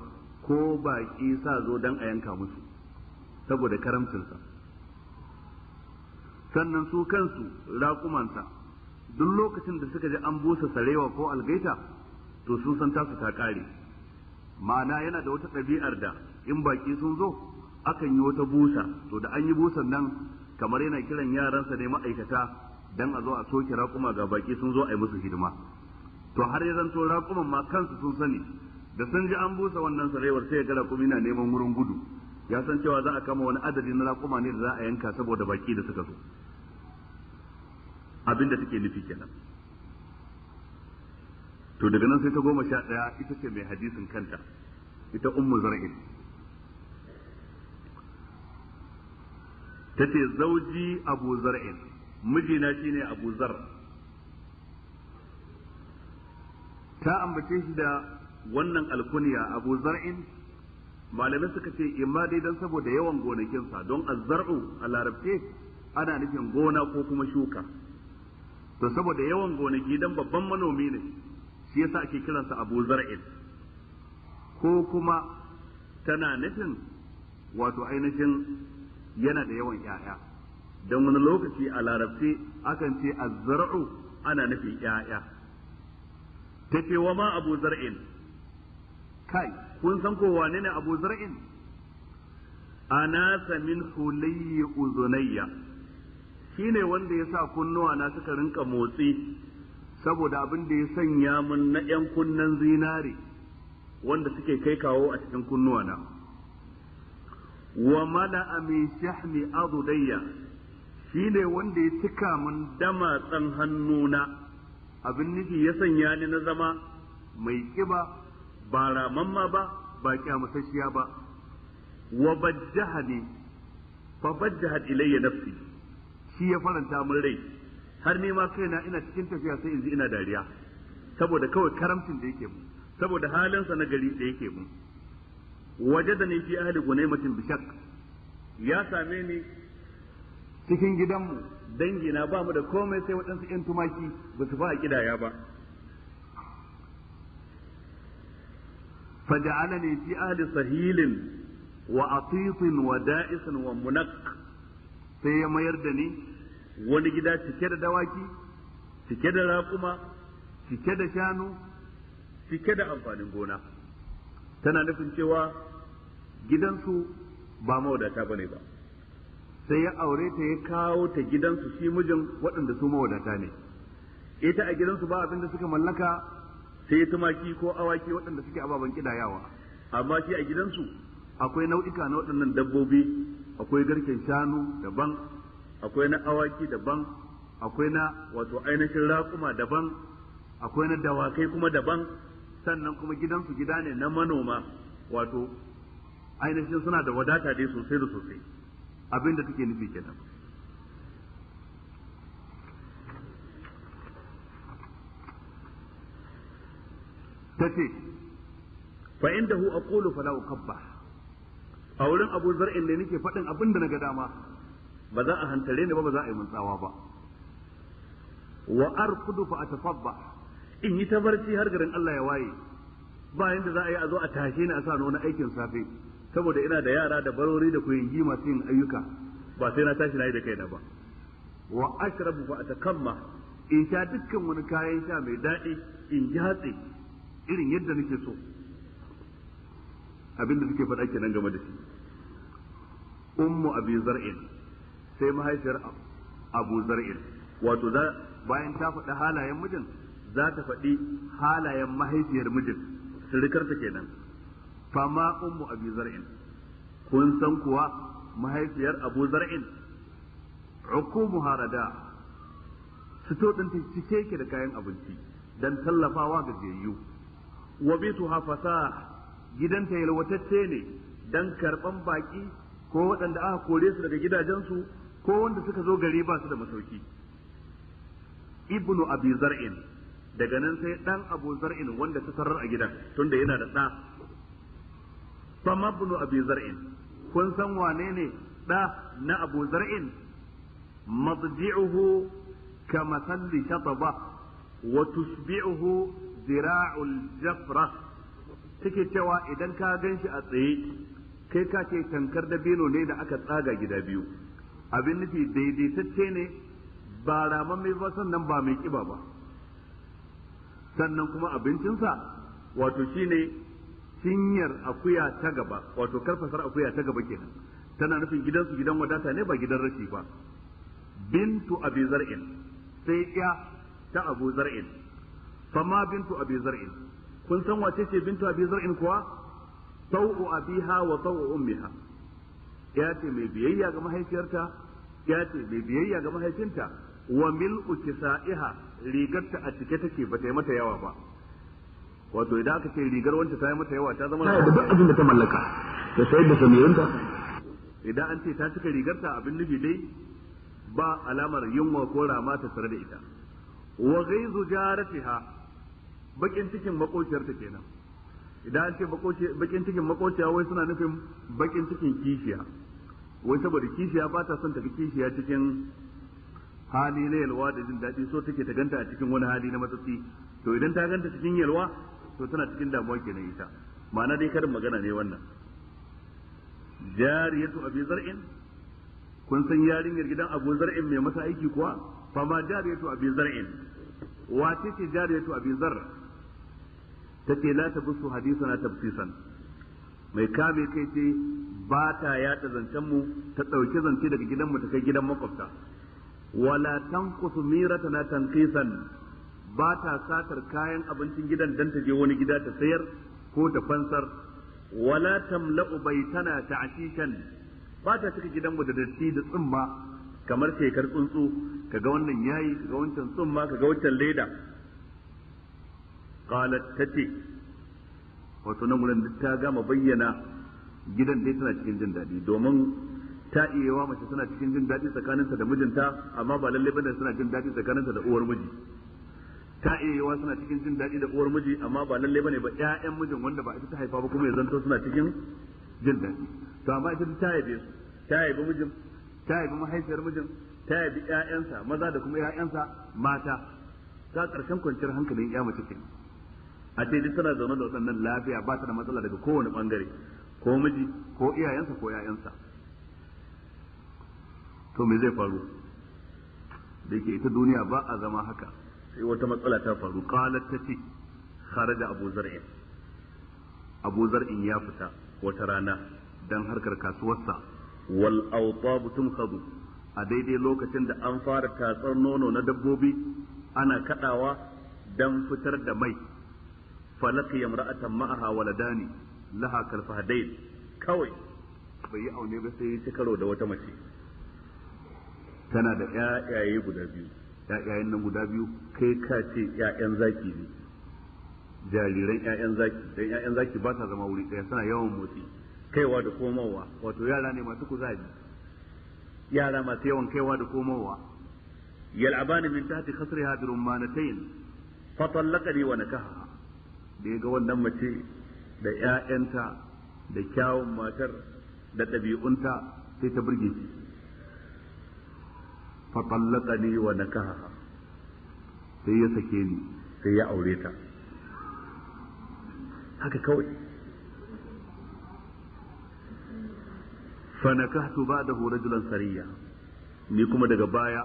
ko baƙi sa zo don a yanka musu saboda karamcinsa sannan su kansu raƙumansa duk lokacin da suka ji an busa sarewa ko algaita to sun san tasu ta ƙare ma'ana yana da wata ɗabi'ar da in baki sun zo akan yi wata busa to da an yi busan nan kamar yana kiran yaransa ne ma'aikata dan a zo a soke raƙuma ga baki sun zo a yi musu hidima to har ya zanto raƙuman ma kansu sun sani da sun ji an busa wannan sarewar sai ya ga raƙumi na neman wurin gudu ya san cewa za a kama wani adadi na raƙuma ne da za a yanka saboda baki da suka zo abin da take nufi kenan to daga nan sai ta goma sha ɗaya ita ce mai hadisin kanta ita ummu zar'in tace zauji abu zar'in mijina shine abu zar ta ambace shi da wannan alkuniya abu zar'in malamai suka ce imma dai dan saboda yawan gonakinsa don azzar'u a larabce ana nufin gona ko kuma shuka to saboda yawan gonaki dan babban manomi ne shi yasa ake kiransa abu zar'in ko kuma tana nufin wato ainihin yana da yawan 'ya'ya, don wani lokaci a larabci akan ce azzar'u ana nufin ƴaƴa tace wa ma abu zar'in kai kun san ko wane ne abu zar'in anasa min hulayyi uzunayya shine wanda ya sa kunnuwa na suka rinka motsi saboda abin da ya sanya mun na 'yan kunnen zinare wanda suke kai kawo a cikin kunnuwa na wa mala'a min shahmi adudayya shine wanda ya cika min tsan hannuna abin nufi ya sanya ni na zama mai kiba ba ramamma ba ba kyamasasshiya ba wa bajjahani fa bajjahat ilayya nafsi shi ya faranta min rai har ni ma kaina ina cikin tafiya sai in ina dariya saboda kawai karamcin da yake mu saboda halinsa na gari da yake mu wajadani fi ahli gunaymatin bishak ya same ni cikin gidanmu dangi na ba mu da komai sai waɗansu 'yan tumaki ba su ba a kidaya ba sahilin wa atifin wa da'isin wa munak sai ya mayar da ni wani gida cike da dawaki cike da raƙuma cike da shanu cike da amfanin gona tana nufin cewa gidansu ba mawadata bane ba sai ya aure ta ya kawo ta gidansu shi mijin waɗanda su mawadata ne ita a gidansu ba da suka mallaka sai tumaki ko awaki waɗanda suke ababen kidayawa amma shi a gidansu akwai nau'ika na waɗannan dabbobi akwai garken shanu daban akwai na awaki daban akwai na wato ainihin raƙuma daban akwai na dawakai kuma daban sannan kuma gidansu gida ne na manoma wato ainihin suna da wadata dai sosai da sosai abin da take nufi kenan tace fa hu aqulu fala ukabba a wurin Abu Zar'in ne nake faɗin abin da naga dama ba za a hantare ni ba ba za a yi mantsawa ba wa arkudu fa atafabba in yi ta barci har garin Allah ya waye bayan da za a yi a zo a tashe ni a sa wani aikin safe saboda ina da yara da barori da ku yi masu yin ayyuka ba sai na tashi na yi da kaina ba wa ashrabu fa atakamma in sha dukkan wani kayan sha mai daɗi in ji hatsi irin yadda nake so abinda suke faɗa kenan game da shi ummu abi zar'in sai mahaifiyar abu zar'in wato za bayan ta faɗi halayen mijin za ta faɗi halayen mahaifiyar mijin sirikarta kenan fama ummu abi zar'in kun san kuwa mahaifiyar abu zar'in hukumu harada fito din ta cike da kayan abinci dan tallafawa ga jeyu wa bituha fasah gidanta yalwatacce ne dan karban baki ko waɗanda aka kore su daga gidajensu ko wanda suka zo gari ba su da masauki ibnu abi zar'in daga nan sai dan abu zar'in wanda ta tarar a gidan tunda yana da ɗa fama bunu abi zar'in kun san wane ne da na abu zar'in madji'uhu kama salli shataba wa tusbi'uhu zira'ul jafra take cewa idan ka ganshi a tsaye kai ka ce tankar dabino ne da aka tsaga gida biyu abin nufi daidaitacce ne ba mai ba sannan ba mai kiba ba sannan kuma abincinsa wato shine Sinyar akuya ta gaba wato karfasar akuya ta gaba kenan tana nufin gidansu gidan wadata ne ba gidan rashi ba bintu abi zar'in sai ya ta abu zar'in fama bintu abi zar'in kun san wace ce bintu abi zar'in kuwa sau'u abiha wa sau'u ummiha ya ce mai biyayya ga mahaifiyarta ya ce mai biyayya ga mahaifinta wa mil'u kisa'iha rigarta a cike take ba ta yi mata yawa ba wato idan aka ce rigar wanda ta yi mata yawa ta zama da duk abin da ta mallaka ta sayar da samirinta idan an ce ta cika rigarta abin nufi dai ba alamar yunwa ko rama ta sare da ita wa ghaizu jaratiha bakin cikin makociyarta kenan idan an ce bakin cikin makociya wai suna nufin bakin cikin kishiya wai saboda kishiya ba ta son ta kishiya cikin hali na yalwa da jin daɗi so take ta ganta a cikin wani hali na matsatsi to idan ta ganta cikin yalwa to tana cikin damuwa kenan ita ma'ana dai karin magana ne wannan jariyatu abi zar'in kun san yarinyar gidan abu zar'in mai masa aiki kuwa fa ma jariyatu abi zar'in wace ce jariyatu abi zar tace la tabusu hadisana tafsisan mai kame kai ce ba ta yada zancen mu ta dauke zance daga gidan mu ta kai gidan makwabta wala tanqusu miratana tanqisan ba ta satar kayan abincin gidan dan ta je wani gida ta sayar ko ta fansar wala tamla'u baitana ta'shishan ba ta cika gidanmu da datti da tsumma kamar shekar tsuntsu kaga wannan yayi kaga wancan tsumma kaga wancan leda qalat tati wato nan gurin ta gama bayyana gidan dai tana cikin jin daɗi domin ta iya mace tana cikin jin daɗi tsakaninta da mijinta amma ba lalle bane tana jin daɗi tsakaninta da uwar miji ta iya yawa suna cikin jin daɗi da uwar miji amma ba lalle bane ba ƴaƴan mijin wanda ba ita ta haifa ba kuma ya zanto suna cikin jin daɗi to amma ita ta haife su ta haifi mijin ta mahaifiyar mijin ta haifi ƴaƴansa maza da kuma ƴaƴansa mata ta ƙarshen kwanciyar hankalin ƴa mace ce a ce duk tana zaune da waɗannan lafiya ba ta da matsala daga kowane bangare ko miji ko iyayensa ko ƴaƴansa to me zai faru da ke ita duniya ba a zama haka sai wata matsala ta faru qalat kare kharaja abu zar'in abu zar'in ya fita wata rana dan harkar kasuwarsa wal awtab tumkhadu a daidai lokacin da an fara tatsar nono na dabbobi ana kadawa dan fitar da mai falaki yamra'atan ma'aha waladani laha kalfahadain kawai bai yi aune ba sai ya ci karo da wata mace tana da ƴaƴaye guda biyu ƴaƴayen nan guda biyu kai ka ce ƴaƴan zaki ne jariran ƴaƴan zaki dan ƴaƴan zaki ba ta zama wuri ɗaya suna yawan motsi kaiwa da komowa wato yara ne masu kuzari yara masu yawan kaiwa da komowa yal'abani min tahti khasri bi rummanatayn fa tallaqani wa nakaha da ga wannan mace da ƴaƴanta da kyawun matar da ɗabi'unta sai ta burge shi fa tallaqani wa nakaha sai ya sake ni sai ya aure ta haka kawai fa nakahtu ba'dahu rajulan sariya ni kuma daga baya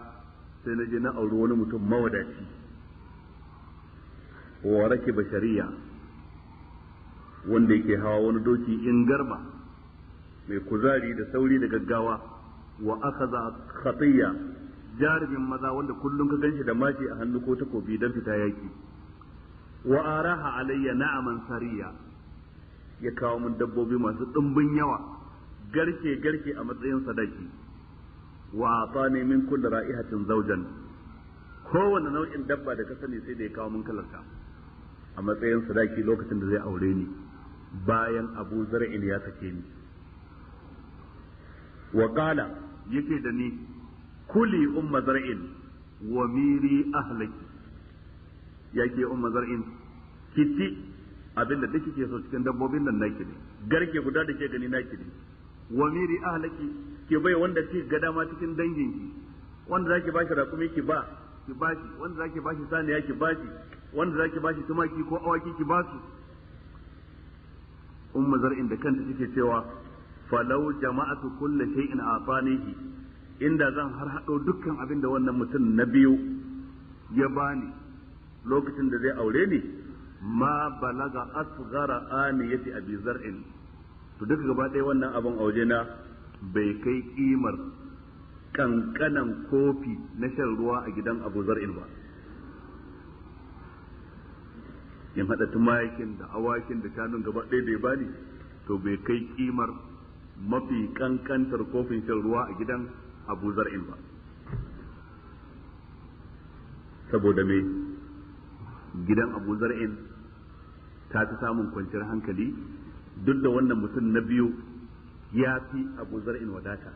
sai na je na auri wani mutum mawadaci wa rakiba bashariya wanda yake hawa wani doki in garba mai kuzari da sauri da gaggawa wa za khatiya jarumin maza wanda kullum ka ganshi da maki a hannu ko takobi don fita yaki wa araha alayya na'aman sariya ya kawo mun dabbobi masu ɗumbin yawa garke garke a matsayin sadaki wa atani min kulli ra'ihatin zawjan kowanne nau'in dabba da ka sani sai da ya kawo mun kalarta a matsayin sadaki lokacin da zai aure ni bayan Abu Zar'in ya sake ni wa qala yake da ni kuli umma zar'in wa miri ahlaki yake umma zar'in ci abinda da kike so cikin dabbobin nan naki ne garke guda da ke gani naki ne wa miri ahlaki ke bai wanda ci ga dama cikin danginki wanda zaki bashi raƙumi ki ba ki bashi wanda zaki bashi saniya ki bashi wanda zaki bashi tumaki ko awaki ki basu umma zar'in da kanta take cewa falau jama'atu kulli shay'in afanihi inda zan har haɗo dukkan abin da wannan mutum na biyu ya bani lokacin da zai aure ni ma balaga asghara yati abi zar'in to duka gaba ɗaya wannan abin aure na bai kai kimar kankanan kofi na shan ruwa a gidan abu zar'in ba in haɗa tumakin da awakin da kanun gaba ɗaya da ya bani to bai kai kimar mafi kankantar kofin shan ruwa a gidan abu zar'in ba saboda me gidan abu zar'in ta fi samun kwanciyar hankali duk da wannan mutum na biyu ya fi abu zar'in wadata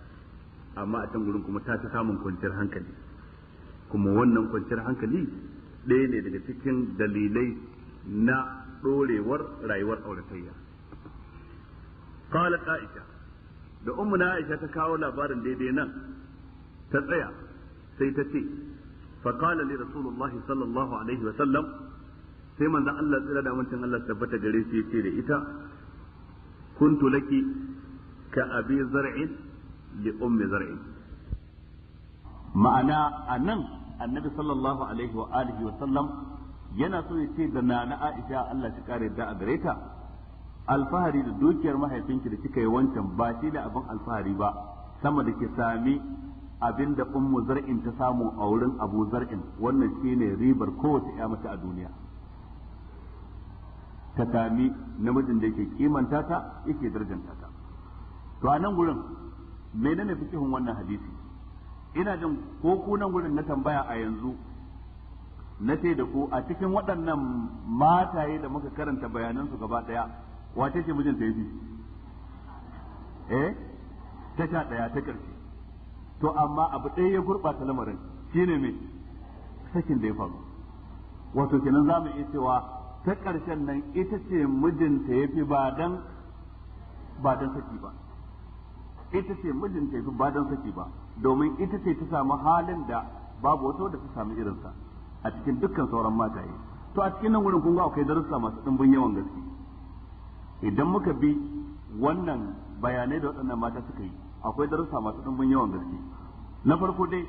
amma a can gurin kuma ta fi samun kwanciyar hankali kuma wannan kwanciyar hankali ɗaya ne daga cikin dalilai na ɗorewar rayuwar auratayya قالت عائشة da ummu Aisha ta kawo labarin daidai nan ta tsaya sai ta ce faqala li rasulullahi sallallahu alaihi wa sallam sai manzon Allah tsira da mutum Allah tabbata gare shi ce da ita kuntu laki ka abi zar'in li ummi zar'in ma'ana anan annabi sallallahu alaihi wa alihi wa sallam yana so ya ce da nana Aisha Allah ta kare da a gare ta alfahari da dukiyar mahaifinki da kika yi wancan ba shi da abin alfahari ba sama da ke sami Abin da ummu zar'in ta samu a wurin abu zar'in wannan shine ribar kowace ya mace a duniya ta sami namijin da yake kimanta ta yake darjanta ta to a nan gurin menene fikihun wannan hadisi ina jin ko ku nan gurin na tambaya a yanzu na ce da ku a cikin waɗannan mataye da muka karanta bayanansu gaba ɗaya wace ce mijinta ya fi eh ta sha ɗaya ta ƙarshe to amma abu ɗaya ya gurɓata lamarin shine me sakin da ya faru wato kenan za mu iya cewa ta ƙarshen nan ita ce mijinta ya fi ba dan saki ba ita ce mijinta ya fi ba don saki ba domin ita ce ta samu halin da babu wata da ta samu irinsa a cikin dukkan sauran mataye to a cikin nan wurin kun ga akwai darussa masu ɗumbin yawan gaske idan muka bi wannan bayanai da waɗannan mata suka yi akwai darussa masu ɗumbin yawan gaske na farko dai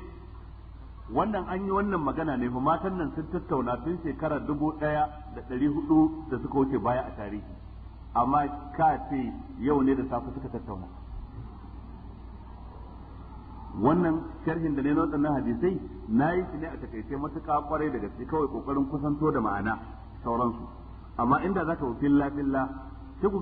wannan an yi wannan magana ne matan nan sun tattauna tun shekara dubu ɗaya da ɗari hudu da suka wuce baya a tarihi amma ka ce yau ne da safe suka tattauna wannan sharhin da ne na waɗannan hadisai na yi shi ne a takaice matuƙa kwarai da gaske kawai ƙoƙarin kusanto da ma'ana sauransu amma inda zaka ka filla filla sai ku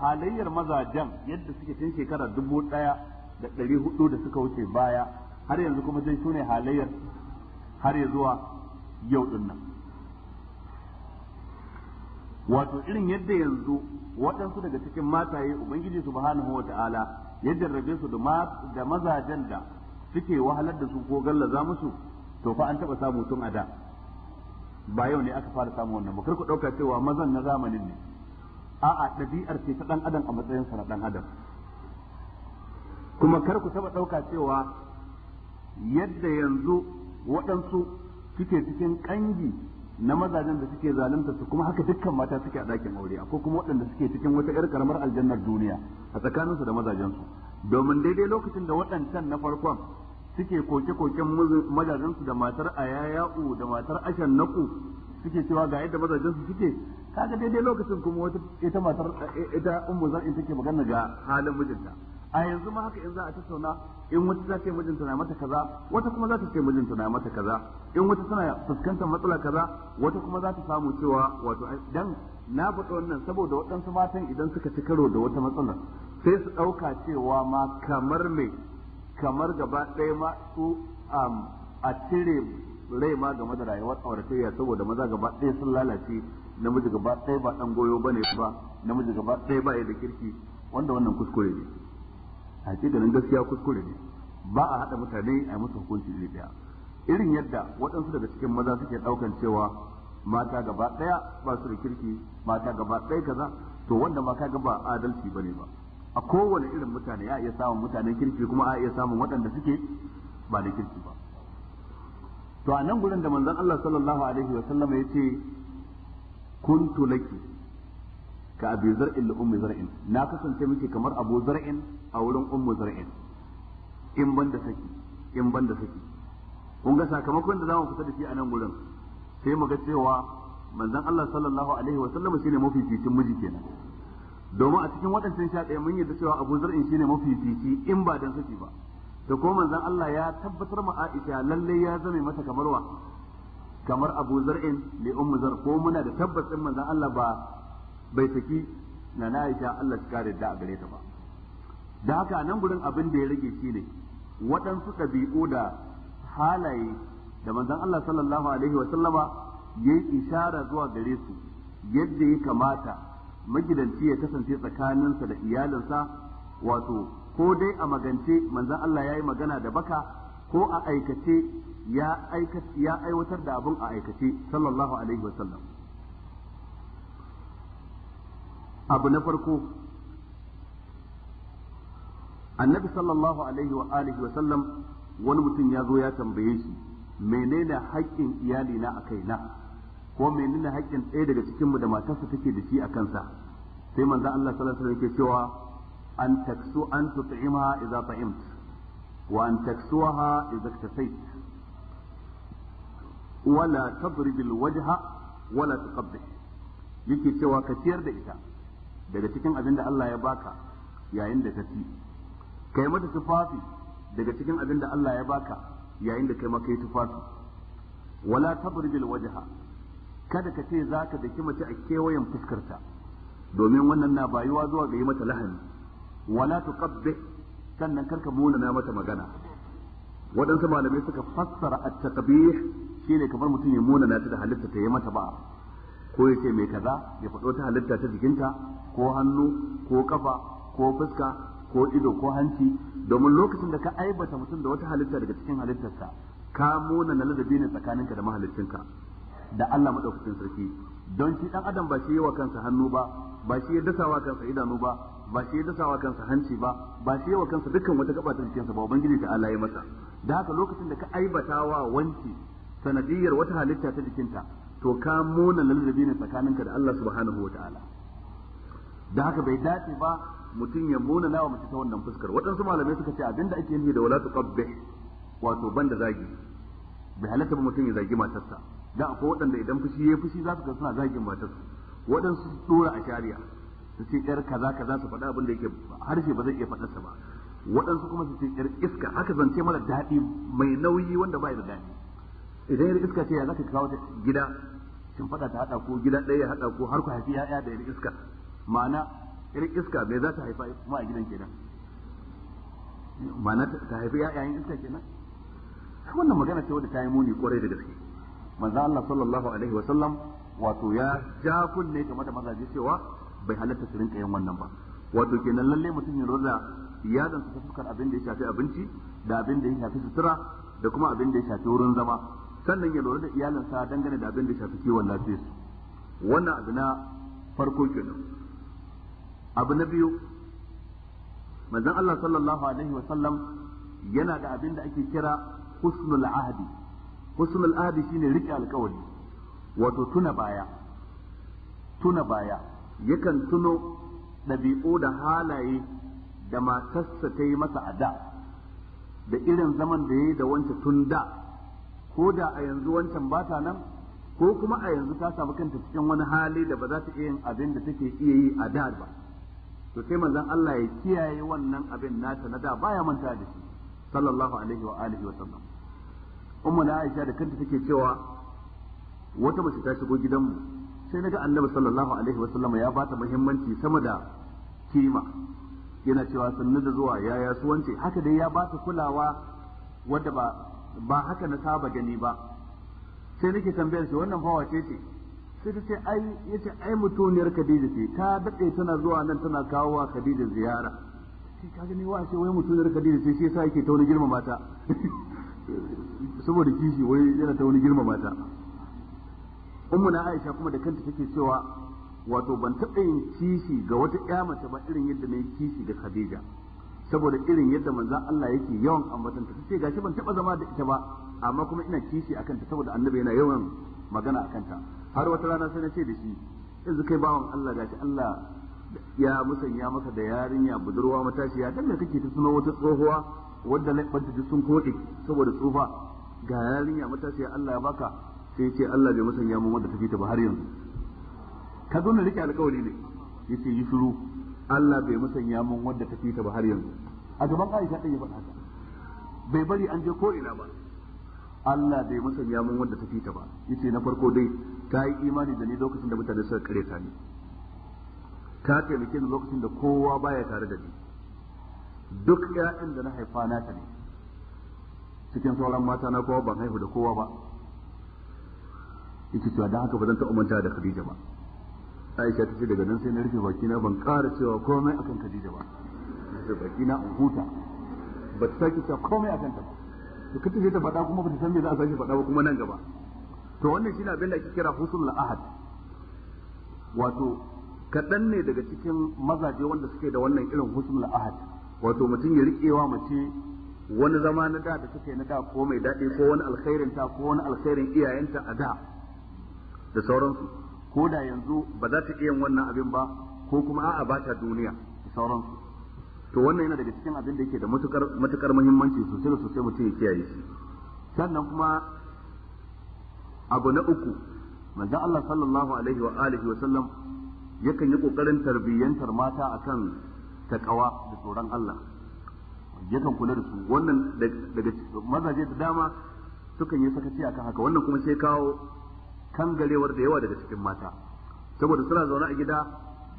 halayyar mazajen yadda suke tun shekara dubu ɗaya da ɗari hudu da suka wuce baya har yanzu kuma dai sune halayyar har ya zuwa yau din nan wato irin yadda yanzu waɗansu daga cikin mataye ubangiji su subhanahu ta'ala, ya jarrabe su da mazajen da suke wahalar da su ko gallaza musu to fa an taɓa samu tun a da ba yau ne aka fara samu wannan ba kar ku ɗauka cewa mazan na zamanin ne a'a ɗabi'ar ce ta ɗan adam a matsayin sa na ɗan adam kuma kar ku taɓa ɗauka cewa yadda yanzu waɗansu suke cikin ƙangi na mazajen da suke zalunta su kuma haka dukkan mata suke a ɗakin aure ko kuma waɗanda suke cikin wata 'yar karamar aljannar duniya a tsakanin su da mazajensu domin daidai lokacin da waɗancan na farkon suke koke-koken mazajensu da matar ayaya'u da matar ashan naku suke cewa ga yadda mazajensu suke kaga daidai lokacin kuma wata ita matar ita ummu zan take magana ga halin mijinta a yanzu ma haka in za a tattauna in wata za ta yi mijinta na mata kaza wata kuma za ta ce mijinta na mata kaza in wata tana fuskantar matsala kaza wata kuma za ta samu cewa wato dan na faɗa wannan saboda waɗansu matan idan suka ci karo da wata matsala sai su ɗauka cewa ma kamar me kamar gaba ɗaya ma su a cire rai ma game da rayuwar auratayya saboda maza gaba ɗaya sun lalace namiji gaba ɗaya ba ɗan goyo ba ne ba namiji gaba ɗaya ba ya da kirki wanda wannan kuskure ne ganin gaskiya kuskure ne ba a haɗa mutane a musu hukunci iri ɗaya irin yadda waɗansu daga cikin maza suke ɗaukan cewa mata gaba ɗaya ba su da kirki mata gaba ɗaya kaza to wanda ma kaga ba adalci ba ne ba a kowane irin mutane ya iya samun mutanen kirki kuma a iya samun waɗanda suke ba da kirki ba to a nan gurin da manzon Allah sallallahu alaihi wa sallama yace kuntu laki ka abi zar'in da ummi zar'in na kasance miki kamar abu zar'in a wurin ummu zar'in in ban da saki in ban da saki kun ga sakamakon da zamu fita da shi a nan gurin sai mu ga cewa manzon Allah sallallahu alaihi wa sallam shine mafificin miji kenan domin a cikin waɗancan sha ɗaya mun yadda cewa Abu Zar'in shine mafifici in ba dan saki ba to ko manzon Allah ya tabbatar ma Aisha lalle ya zame mata kamar wa kamar abu zar'in da ummu zar ko muna da tabbas din manzon Allah ba bai saki na Allah ta kare da a gare ta ba da haka nan gurin abin da ya rage shine waɗansu ɗabi'u da halaye da manzon Allah sallallahu alaihi wa sallama yayi isharar zuwa gare su yadda ya kamata magidanci ya kasance tsakaninsa da iyalinsa wato ko dai a magance manzon Allah ya yi magana da baka ko a aikace ya ya aiwatar da abun a aikace sallallahu alaihi wasallam abu na farko annabi sallallahu alaihi wa alihi wasallam sallam wani mutum ya zo ya tambaye shi menene haƙƙin iyali na a kaina ko menene haƙƙin ɗaya daga cikin mu da matarsa take da shi a kansa sai manzo Allah sallallahu alaihi wasallam yake cewa an taksu an tut'imha idza ta'imt wa an taksuha idza iktasayt wala tadribil wajha wala tuqabbih yake cewa ka ciyar da ita daga cikin abin da Allah ya baka yayin da ka ci kai mata tufafi daga cikin abin da Allah ya baka yayin da kai ma kai tufafi wala tadribil wajha kada ka ce zaka daki mace a kewayen fuskarta domin wannan na bayuwa zuwa ga yi mata lahani wala tuqabbih sannan karka muna na mata magana waɗansu malamai suka fassara at-taqbih Shi ne kamar mutum ya muna na ta da halitta ta yi mata ba ko ya ce mai kaza ya faɗo ta halitta ta jikinta ko hannu ko kafa ko fuska ko ido ko hanci domin lokacin da ka aibata mutum da wata halitta daga cikin halittarsa ka muna na ladabi ne tsakaninka da mahaliccinka da Allah madaukakin sarki don shi dan adam ba shi yawa kansa hannu ba ba shi ya dasawa kansa idanu ba ba shi ya dasawa kansa hanci ba ba shi yawa kansa dukkan wata gaba ta jikinsa ba ubangiji ta Allah ya masa da haka lokacin da ka aibata wa wanci sanadiyar wata halitta ta jikinta to ka mona lallabi ne tsakaninka da Allah subhanahu wataala da haka bai dace ba mutum ya mona nawa mace ta wannan fuskar waɗansu malamai suka ce abinda ake nufi da wala tuqabbih wato banda zagi bai halatta ba mutum ya zagi matarsa da akwai waɗanda idan fushi ya fushi za su ga suna zagin matarsa. waɗansu su dora a shari'a su ce yar kaza kaza su faɗa abin da yake harshe ba zai iya faɗarsa ba waɗansu kuma su ce yar iska haka zance mara daɗi mai nauyi wanda ba da daɗi idan yar iska ce ya zaka kawo ta gida shin fada ta hada ko gida ɗaya ya hada ko har ku haifi ya'ya da yar iska ma'ana yar iska bai za ta haifa kuma a gidan kenan ma'ana ta haifi ya'yan iska kenan wannan magana ce wadda ta yi muni kwarai da gaske manzo Allah sallallahu alaihi wa sallam wato ya ja kunne game da mazaje cewa bai halatta su rinka yin wannan ba wato kenan lalle mutum ya rura iyalansa ta fuskar abin da ya shafi abinci da abin da ya shafi sutura da kuma abin da ya shafi wurin zama sannan ya lura da iyalinsa dangane da abin da shafi kiwon lafiyarsu wannan abu na farko kenan abu na biyu manzon Allah sallallahu alaihi wa sallam yana da abin da ake kira husnul ahdi husnul ahdi shine rike alkawari wato tuna baya tuna baya yakan tuno ɗabi'u da halaye da matarsa ta yi masa a da da irin zaman da ya yi da wancan tun da ko da a yanzu wancan ba ta nan ko kuma a yanzu ta samu kanta cikin wani hali da ba za ta iya yin abin da take iya yi a da ba to sai manzon Allah ya kiyaye wannan abin nata na da baya manta da shi sallallahu alaihi wa alihi wa sallam ummu da Aisha da kanta take cewa wata mace ta shigo gidanmu sai naga annabi sallallahu alaihi wa sallam ya bata muhimmanci sama da kima yana cewa sunna da zuwa yaya suwanci haka dai ya bata kulawa wadda ba ba haka na saba gani ba sai nake tambayar shi wannan fawa ce ce sai ta ce ai yace ai mutuniyar Khadija ce ta dade tana zuwa nan tana kawo wa Khadija ziyara sai ka gani wa sai wai mutuniyar Khadija ce shi yasa yake ta wani girma mata saboda kishi wai yana ta wani girma mata ummu na Aisha kuma da kanta take cewa wato ban taɓa yin kishi ga wata ƴa mace ba irin yadda na yi kishi ga Khadija saboda irin yadda manzan Allah yake yawan ambatan ta sai gashi ban taba zama da ita ba amma kuma ina kishi akan ta saboda annabi yana yawan magana akan ta har wata rana sai na ce da shi yanzu kai bawan Allah gashi Allah ya musanya masa da yarinya budurwa matashiya dan me kake ta suna wata tsohuwa wadda na banta sun kode saboda tsufa ga yarinya matashiya Allah ya baka sai ce Allah bai musanya mu wanda take ta ba har yanzu ka zo na rike alƙawari ne yace yi shiru Allah bai musanya mun wadda ta ba har yanzu a gaban Aisha ɗaya ba haka bai bari an je ko ina ba Allah bai musanya mun wanda ta fita ba yace na farko dai ta yi imani da ni lokacin da mutane suka kare ta ni ta taimake ni lokacin da kowa baya tare da ni duk ƴaƴan da na haifa na ta ne cikin sauran mata na kowa ban haihu da kowa ba yace cewa dan haka ba zan taɓa manta da Khadija ba Aisha ta ce daga nan sai na rufe baki na ban ƙara cewa komai akan Khadija ba da baki na huta ba ta sake ta komai a kanta ba to ka tafi ta faɗa kuma ba ta san me za a sake faɗa ba kuma nan gaba to wannan shine abin da ake kira husul ahad wato kaɗan ne daga cikin mazaje wanda suke da wannan irin husul ahad wato mutum ya riƙewa mace wani zama na da da suke na da ko mai daɗi ko wani alkhairin ta ko wani alkhairin iyayenta a da da sauransu ko da yanzu ba za ta iya wannan abin ba ko kuma a'a ba ta duniya da sauransu to wannan yana daga cikin abin da yake da matukar matukar muhimmanci sosai da sosai mutum ya kiyaye shi sannan kuma abu na uku manzo Allah sallallahu alaihi wa alihi wa sallam yakan yi kokarin tarbiyyantar mata akan takawa da tsoron Allah yakan kula da su wannan daga mazaje da dama sukan yi sakaci akan haka wannan kuma sai kawo kangarewar da yawa daga cikin mata saboda suna zaune a gida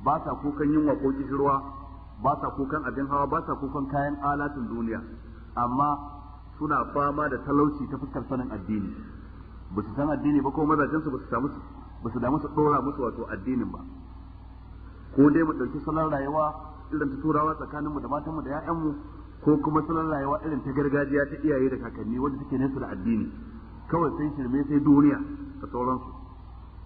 ba sa kukan yin waƙoƙi ruwa ba sa kukan abin hawa ba sa kukan kayan alatin duniya amma suna fama da talauci ta fuskar sanin addini ba su san addini ba ko mazajensu ba su samu ba su damu su dora musu wato addinin ba ko dai mu dauki salon rayuwa irin ta turawa tsakaninmu da matanmu da 'ya'yanmu ko kuma salon rayuwa irin ta gargajiya ta iyaye da kakanni wanda take nesa da addini kawai sai shirme sai duniya da sauransu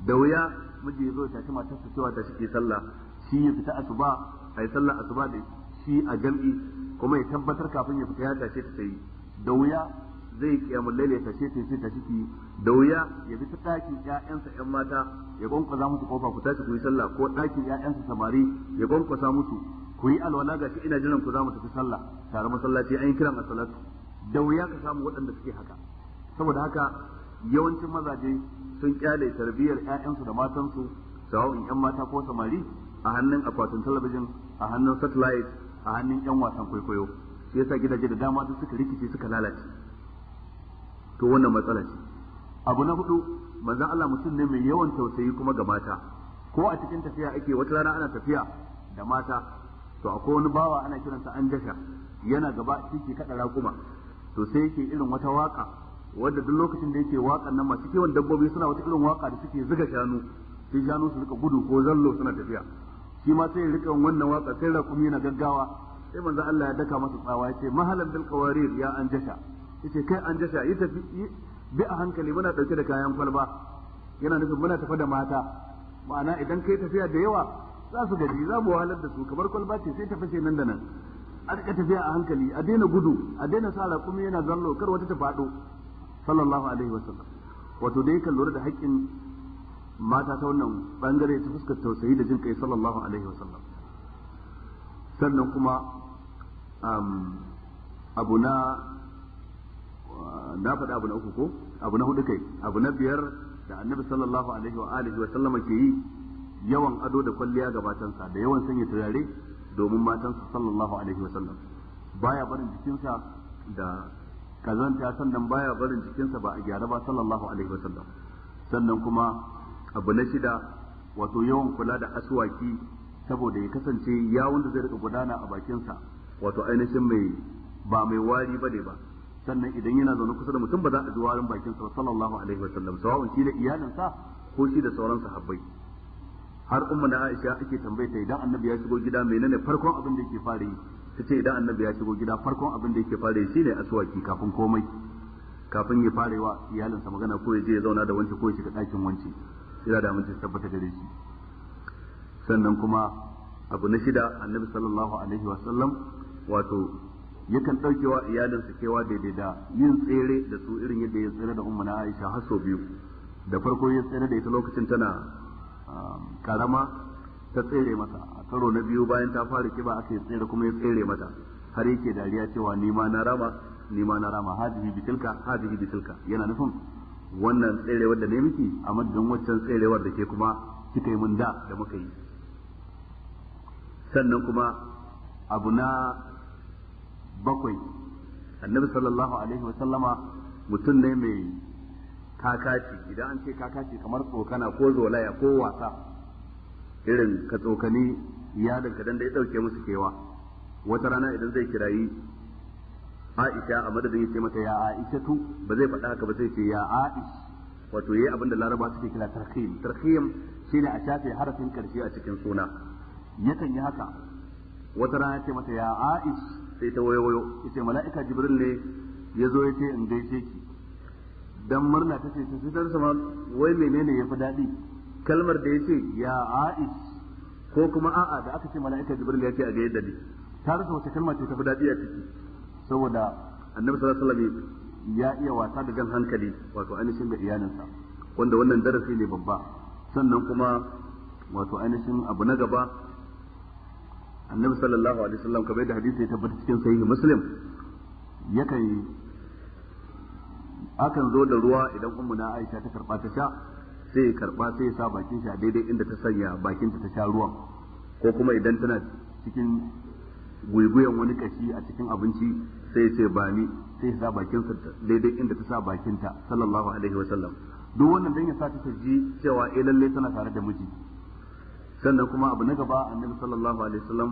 da wuya miji ya zo ya tashi matarsa cewa ta shi sallah shi ya fita asuba a yi sallar asuba da shi a jam'i kuma ya tabbatar kafin ya fita ya tashe ta sai da wuya zai kiyamul laila ya tashe ta sai ta ciki da wuya ya bi ta ɗakin ƴaƴansa ƴan mata ya gonkwasa musu kofa ku tashi ku yi sallah ko ɗakin ƴaƴansa samari ya sa musu ku yi alwala ga shi ina jiran ku za mu tafi sallah tare masallaci an yi kiran as-salatu da wuya ka samu waɗanda suke haka saboda haka yawancin mazaje sun kyale tarbiyyar ƴaƴansu da matansu sawa'un 'yan mata ko samari a hannun akwatin talabijin a hannun satellite a hannun yan wasan kwaikwayo shi yasa gidaje da dama duk suka rikice suka lalace to wannan matsala ce abu na hudu manzon Allah mutum ne mai yawan tausayi kuma ga mata ko a cikin tafiya ake wata rana ana tafiya da mata to akwai wani bawa ana kiransa an jasha yana gaba shi ke kada raƙuma to sai yake irin wata waka wanda duk lokacin da yake wakan nan masu kiwon dabbobi suna wata irin waka da suke zuga shanu sai shanu su suka gudu ko zallo suna tafiya shi ma sai ya rika wannan waka sai rakumi na gaggawa sai manzo Allah ya daka masa tsawa yace mahalan bil qawarir ya an jasha yace kai an jasha yi tafi bi a hankali muna dauke da kayan kwalba yana nufin muna tafa da mata ma'ana idan kai tafiya da yawa za su gaji za mu wahalar da su kamar kwalba ce sai tafi ce nan da nan a rika tafiya a hankali a daina gudu a daina sa rakumi yana zallo kar wata ta faɗo sallallahu alaihi wasallam wato dai kan lura da haƙƙin mata ta wannan bangare ta fuskar tausayi da jin kai sallallahu alaihi wasallam sannan kuma abu na na faɗi abu na uku ko abu na hudu kai abu na biyar da annabi sallallahu alaihi wa alihi wa sallama ke yi yawan ado da kwalliya ga matansa da yawan sanya turare domin matansa sallallahu alaihi wa sallam baya barin jikinsa da kazanta sannan baya barin jikinsa ba a gyara ba sallallahu alaihi wa sallam sannan kuma abu na shida wato yawan kula da aswaki saboda ya kasance yawon da zai rika gudana a bakinsa wato ainihin mai ba mai wari ba ne ba sannan idan yana zaune kusa da mutum ba za a ji warin bakinsa ba sallallahu alaihi wa sallam sawa'un shi da iyalinsa ko shi da sauran sahabbai har umma da Aisha ake tambaye ta idan annabi ya shigo gida menene farkon abin da yake fara yi tace idan annabi ya shigo gida farkon abin da yake fara yi shine aswaki kafin komai kafin ya fara wa iyalinsa magana ko ya je ya zauna da wanci ko ya shiga ɗakin wanci kira da aminci tabbata gare shi sannan kuma abu na shida annabi sallallahu alaihi wasallam wato yakan daukewa iyalinsa kewa daidai da yin tsere da su irin yadda ya tsere da umma na Aisha har sau biyu da farko ya tsere da ita lokacin tana karama um, ta tsere mata a karo na biyu bayan ta fara kiba aka yi tsere kuma ya tsere mata har yake dariya cewa ni ma na rama ni na rama hadihi bitilka hadihi bitilka yana nufin wannan tserewar da ne miki a madadin waccan tserewar da ke kuma kika yi da da muka yi sannan kuma abu na bakwai annabi sallallahu alaihi wa mutum ne mai kakaci idan an ce kakaci kamar tsokana ko zolaya ko wasa irin ka tsokani iyalinka dan da ya dauke musu kewa wata rana idan zai kirayi Aisha a madadin ya ce mata ya tu ba zai faɗa haka ba sai ce ya Aish wato yayi abin da Laraba suke kira tarhim tarhim shine a shafe harafin karshe a cikin suna yakan yi haka wata rana ce mata ya Aish sai ta wayo yace mala'ika Jibril ne ya zo ya ce in gaishe ki dan murna ta ce sai ta rasa wai menene ya fi daɗi kalmar da ya ce ya Aish ko kuma a'a da aka ce mala'ika Jibril ya ce a gaishe da ni ta rasa wace kalma ce ta fi daɗi a ciki saboda annabi sallallahu alaihi wasallam ya iya wasa da gan hankali wato ainihin ga iyalinsa wanda wannan darasi ne babba sannan kuma wato ainihin abu na gaba annabi sallallahu alaihi wasallam kamar da hadisi ya tabbata cikin sahihi muslim yakan akan zo da ruwa idan ummu na Aisha ta karba ta sha sai karba sai sa bakin shi a daidai inda ta sanya bakin ta ta sha ruwan ko kuma idan tana cikin guiguyan wani kashi a cikin abinci sai ce ba ni sai sa daidai inda ta sa bakinta sallallahu alaihi wasallam duk wannan dan ya sa ta ji cewa eh lalle tana tare da miji sannan kuma abu na gaba annabi sallallahu alaihi wasallam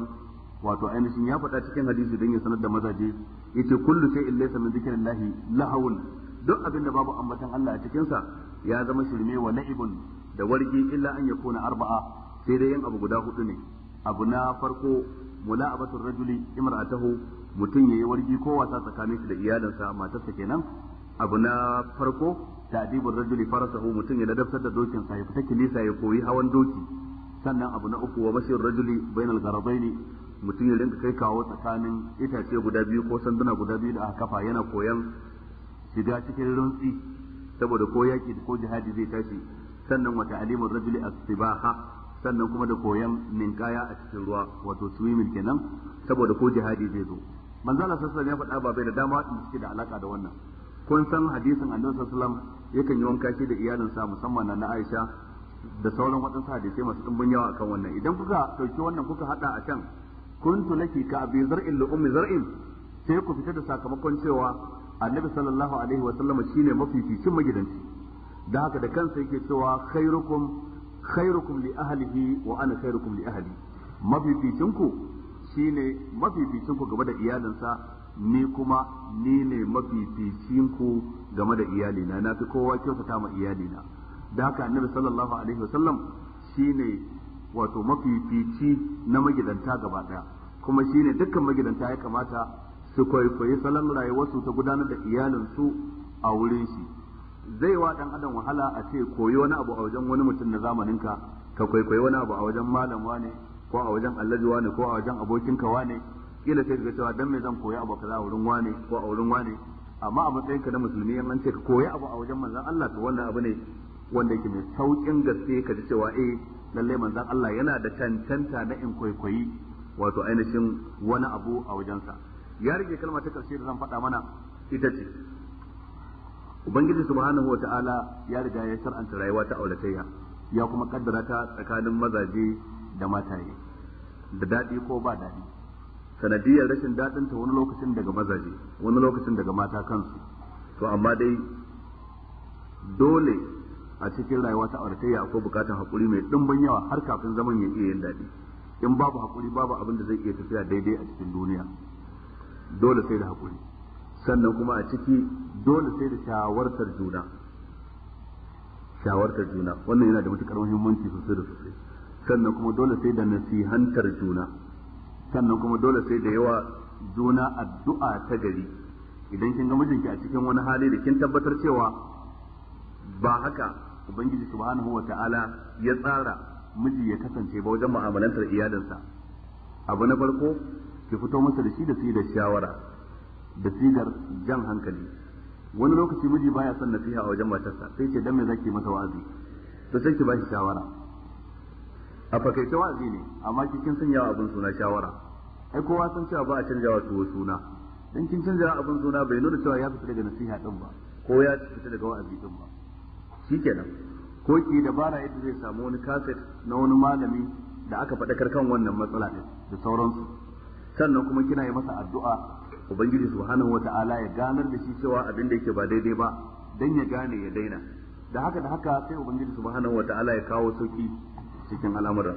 wato ainihin ya faɗa cikin hadisi dan ya sanar da mazaje yace kullu sai laysa min zikrillahi lahawun duk abin da babu ambatan Allah a cikin sa ya zama shirme wa la'ibun da wargi illa an yakuna arba'a sai dai yin abu guda hudu ne abu na farko mula'abatul rajuli imra'atahu mutum yayi wargi ko wasa tsakanin shi da iyalinsa matarsa kenan abu na farko ta'dibur rajuli farasahu mutum ya ladabtar da dokin sa ya fita kilisa ya koyi hawan doki sannan abu na uku wa bashir rajuli bainal gharabaini mutum ya rinka kai kawo tsakanin itace guda biyu ko sanduna guda biyu da aka kafa yana koyan shiga cikin runtsi saboda ko yaki ko jihadi zai tashi sannan wa ta'limur rajuli as-sibaha sannan kuma da koyan ninkaya a cikin ruwa wato swimming kenan saboda ko jihadi zai zo manzo Allah sallallahu ya faɗa bai da dama in ci da alaka da wannan kun san hadisin annabi sallallahu yakan yi wanka shi da iyalinsa musamman na Aisha da sauran waɗansu hadisai masu ɗumbin yawa akan wannan idan kuka ɗauki wannan kuka haɗa a can kuntu laki ka abi zar'in li ummi zar'in sai ku fita da sakamakon cewa annabi sallallahu alaihi wa sallama shine mafificin magidanci da haka da kansa yake cewa khairukum khairukum li ahlihi wa ana khairukum li ahli mafificin ku shine mafificin ku game da iyalinsa ni kuma ni ne mafificin ku game da iyalina na fi kowa kyautata ma iyalina da haka annabi sallallahu alaihi wasallam shine wato mafifici na magidanta gaba daya kuma shine dukkan magidanta ya kamata su kwaikwayi salon rayuwarsu ta gudanar da iyalinsu a wurin shi zai wa dan adam wahala a ce koyi wani abu a wajen wani mutum na zamanin ka ka kwaikwayi wani abu a wajen malam wane ko a wajen allaji wane ko a wajen abokin ka wane kila sai ka cewa dan me zan koyi abu kaza a wurin wane ko a wurin wane amma a matsayin ka na musulmi in an ce ka koyi abu a wajen manzon Allah to wannan abu ne wanda yake mai saukin gaske ka ji cewa eh lallai manzon Allah yana da cancanta na in kwaikwayi wato ainihin wani abu a wajensa ya rage kalma ta karshe da zan faɗa mana ita ce ubangiji subhanahu wa ta'ala ya riga ya shar'anta rayuwa ta auratayya ya kuma kaddara ta tsakanin mazaje da mataye da daɗi ko ba daɗi sanadiyar rashin dadin ta wani lokacin daga mazaje wani lokacin daga mata kansu to amma dai dole a cikin rayuwa ta auratayya akwai bukatar hakuri mai dimbin yawa har kafin zaman ya iya yin daɗi in babu hakuri babu abin da zai iya tafiya daidai a cikin duniya dole sai da hakuri sannan kuma a ciki dole sai da shawartar juna shawartar juna wannan yana da matukar muhimmanci sosai da sosai sannan kuma dole sai da nasihantar juna sannan kuma dole sai da yawa juna addu'a ta gari idan kin ga mijinki a cikin wani hali da kin tabbatar cewa ba haka ubangiji subhanahu wata'ala ya tsara miji ya kasance ba wajen mu'amalantar iyalinsa abu na farko ki fito masa da shi da su da shawara da sigar jan hankali wani lokaci miji baya son nasiha a wajen matarsa sai ce dan me zaki masa wa'azi to sai ki ba shi shawara a fakaice wa'azi ne amma kin sanya abin suna shawara ai kowa san cewa ba a canja wa tuwo suna dan kin canja abin suna bai nuna cewa ya fita daga nasiha din ba ko ya fita daga wa'azi din ba shikenan ko ki dabara yadda zai samu wani kaset na wani malami da aka faɗakar kan wannan matsala din da sauransu sannan kuma kina yi masa addu'a ubangiji subhanahu wata'ala ya ganar da shi cewa abin da yake ba daidai ba dan ya gane ya daina da haka da haka sai ubangiji subhanahu wata'ala ya kawo sauki cikin al'amura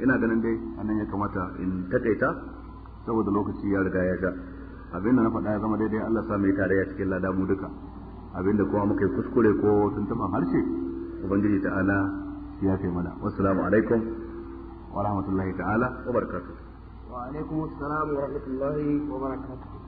ina ganin dai anan ya kamata in takaita saboda lokaci ya riga ya ja abin da na faɗa ya zama daidai Allah sa mai tarayya cikin lada mu duka abin da kuma muka yi kuskure ko sun taɓa harshe ubangiji ta'ala ya kai mana wassalamu alaikum wa rahmatullahi ta'ala wa barakatuh wa alaikum assalam wa rahmatullahi wa barakatuh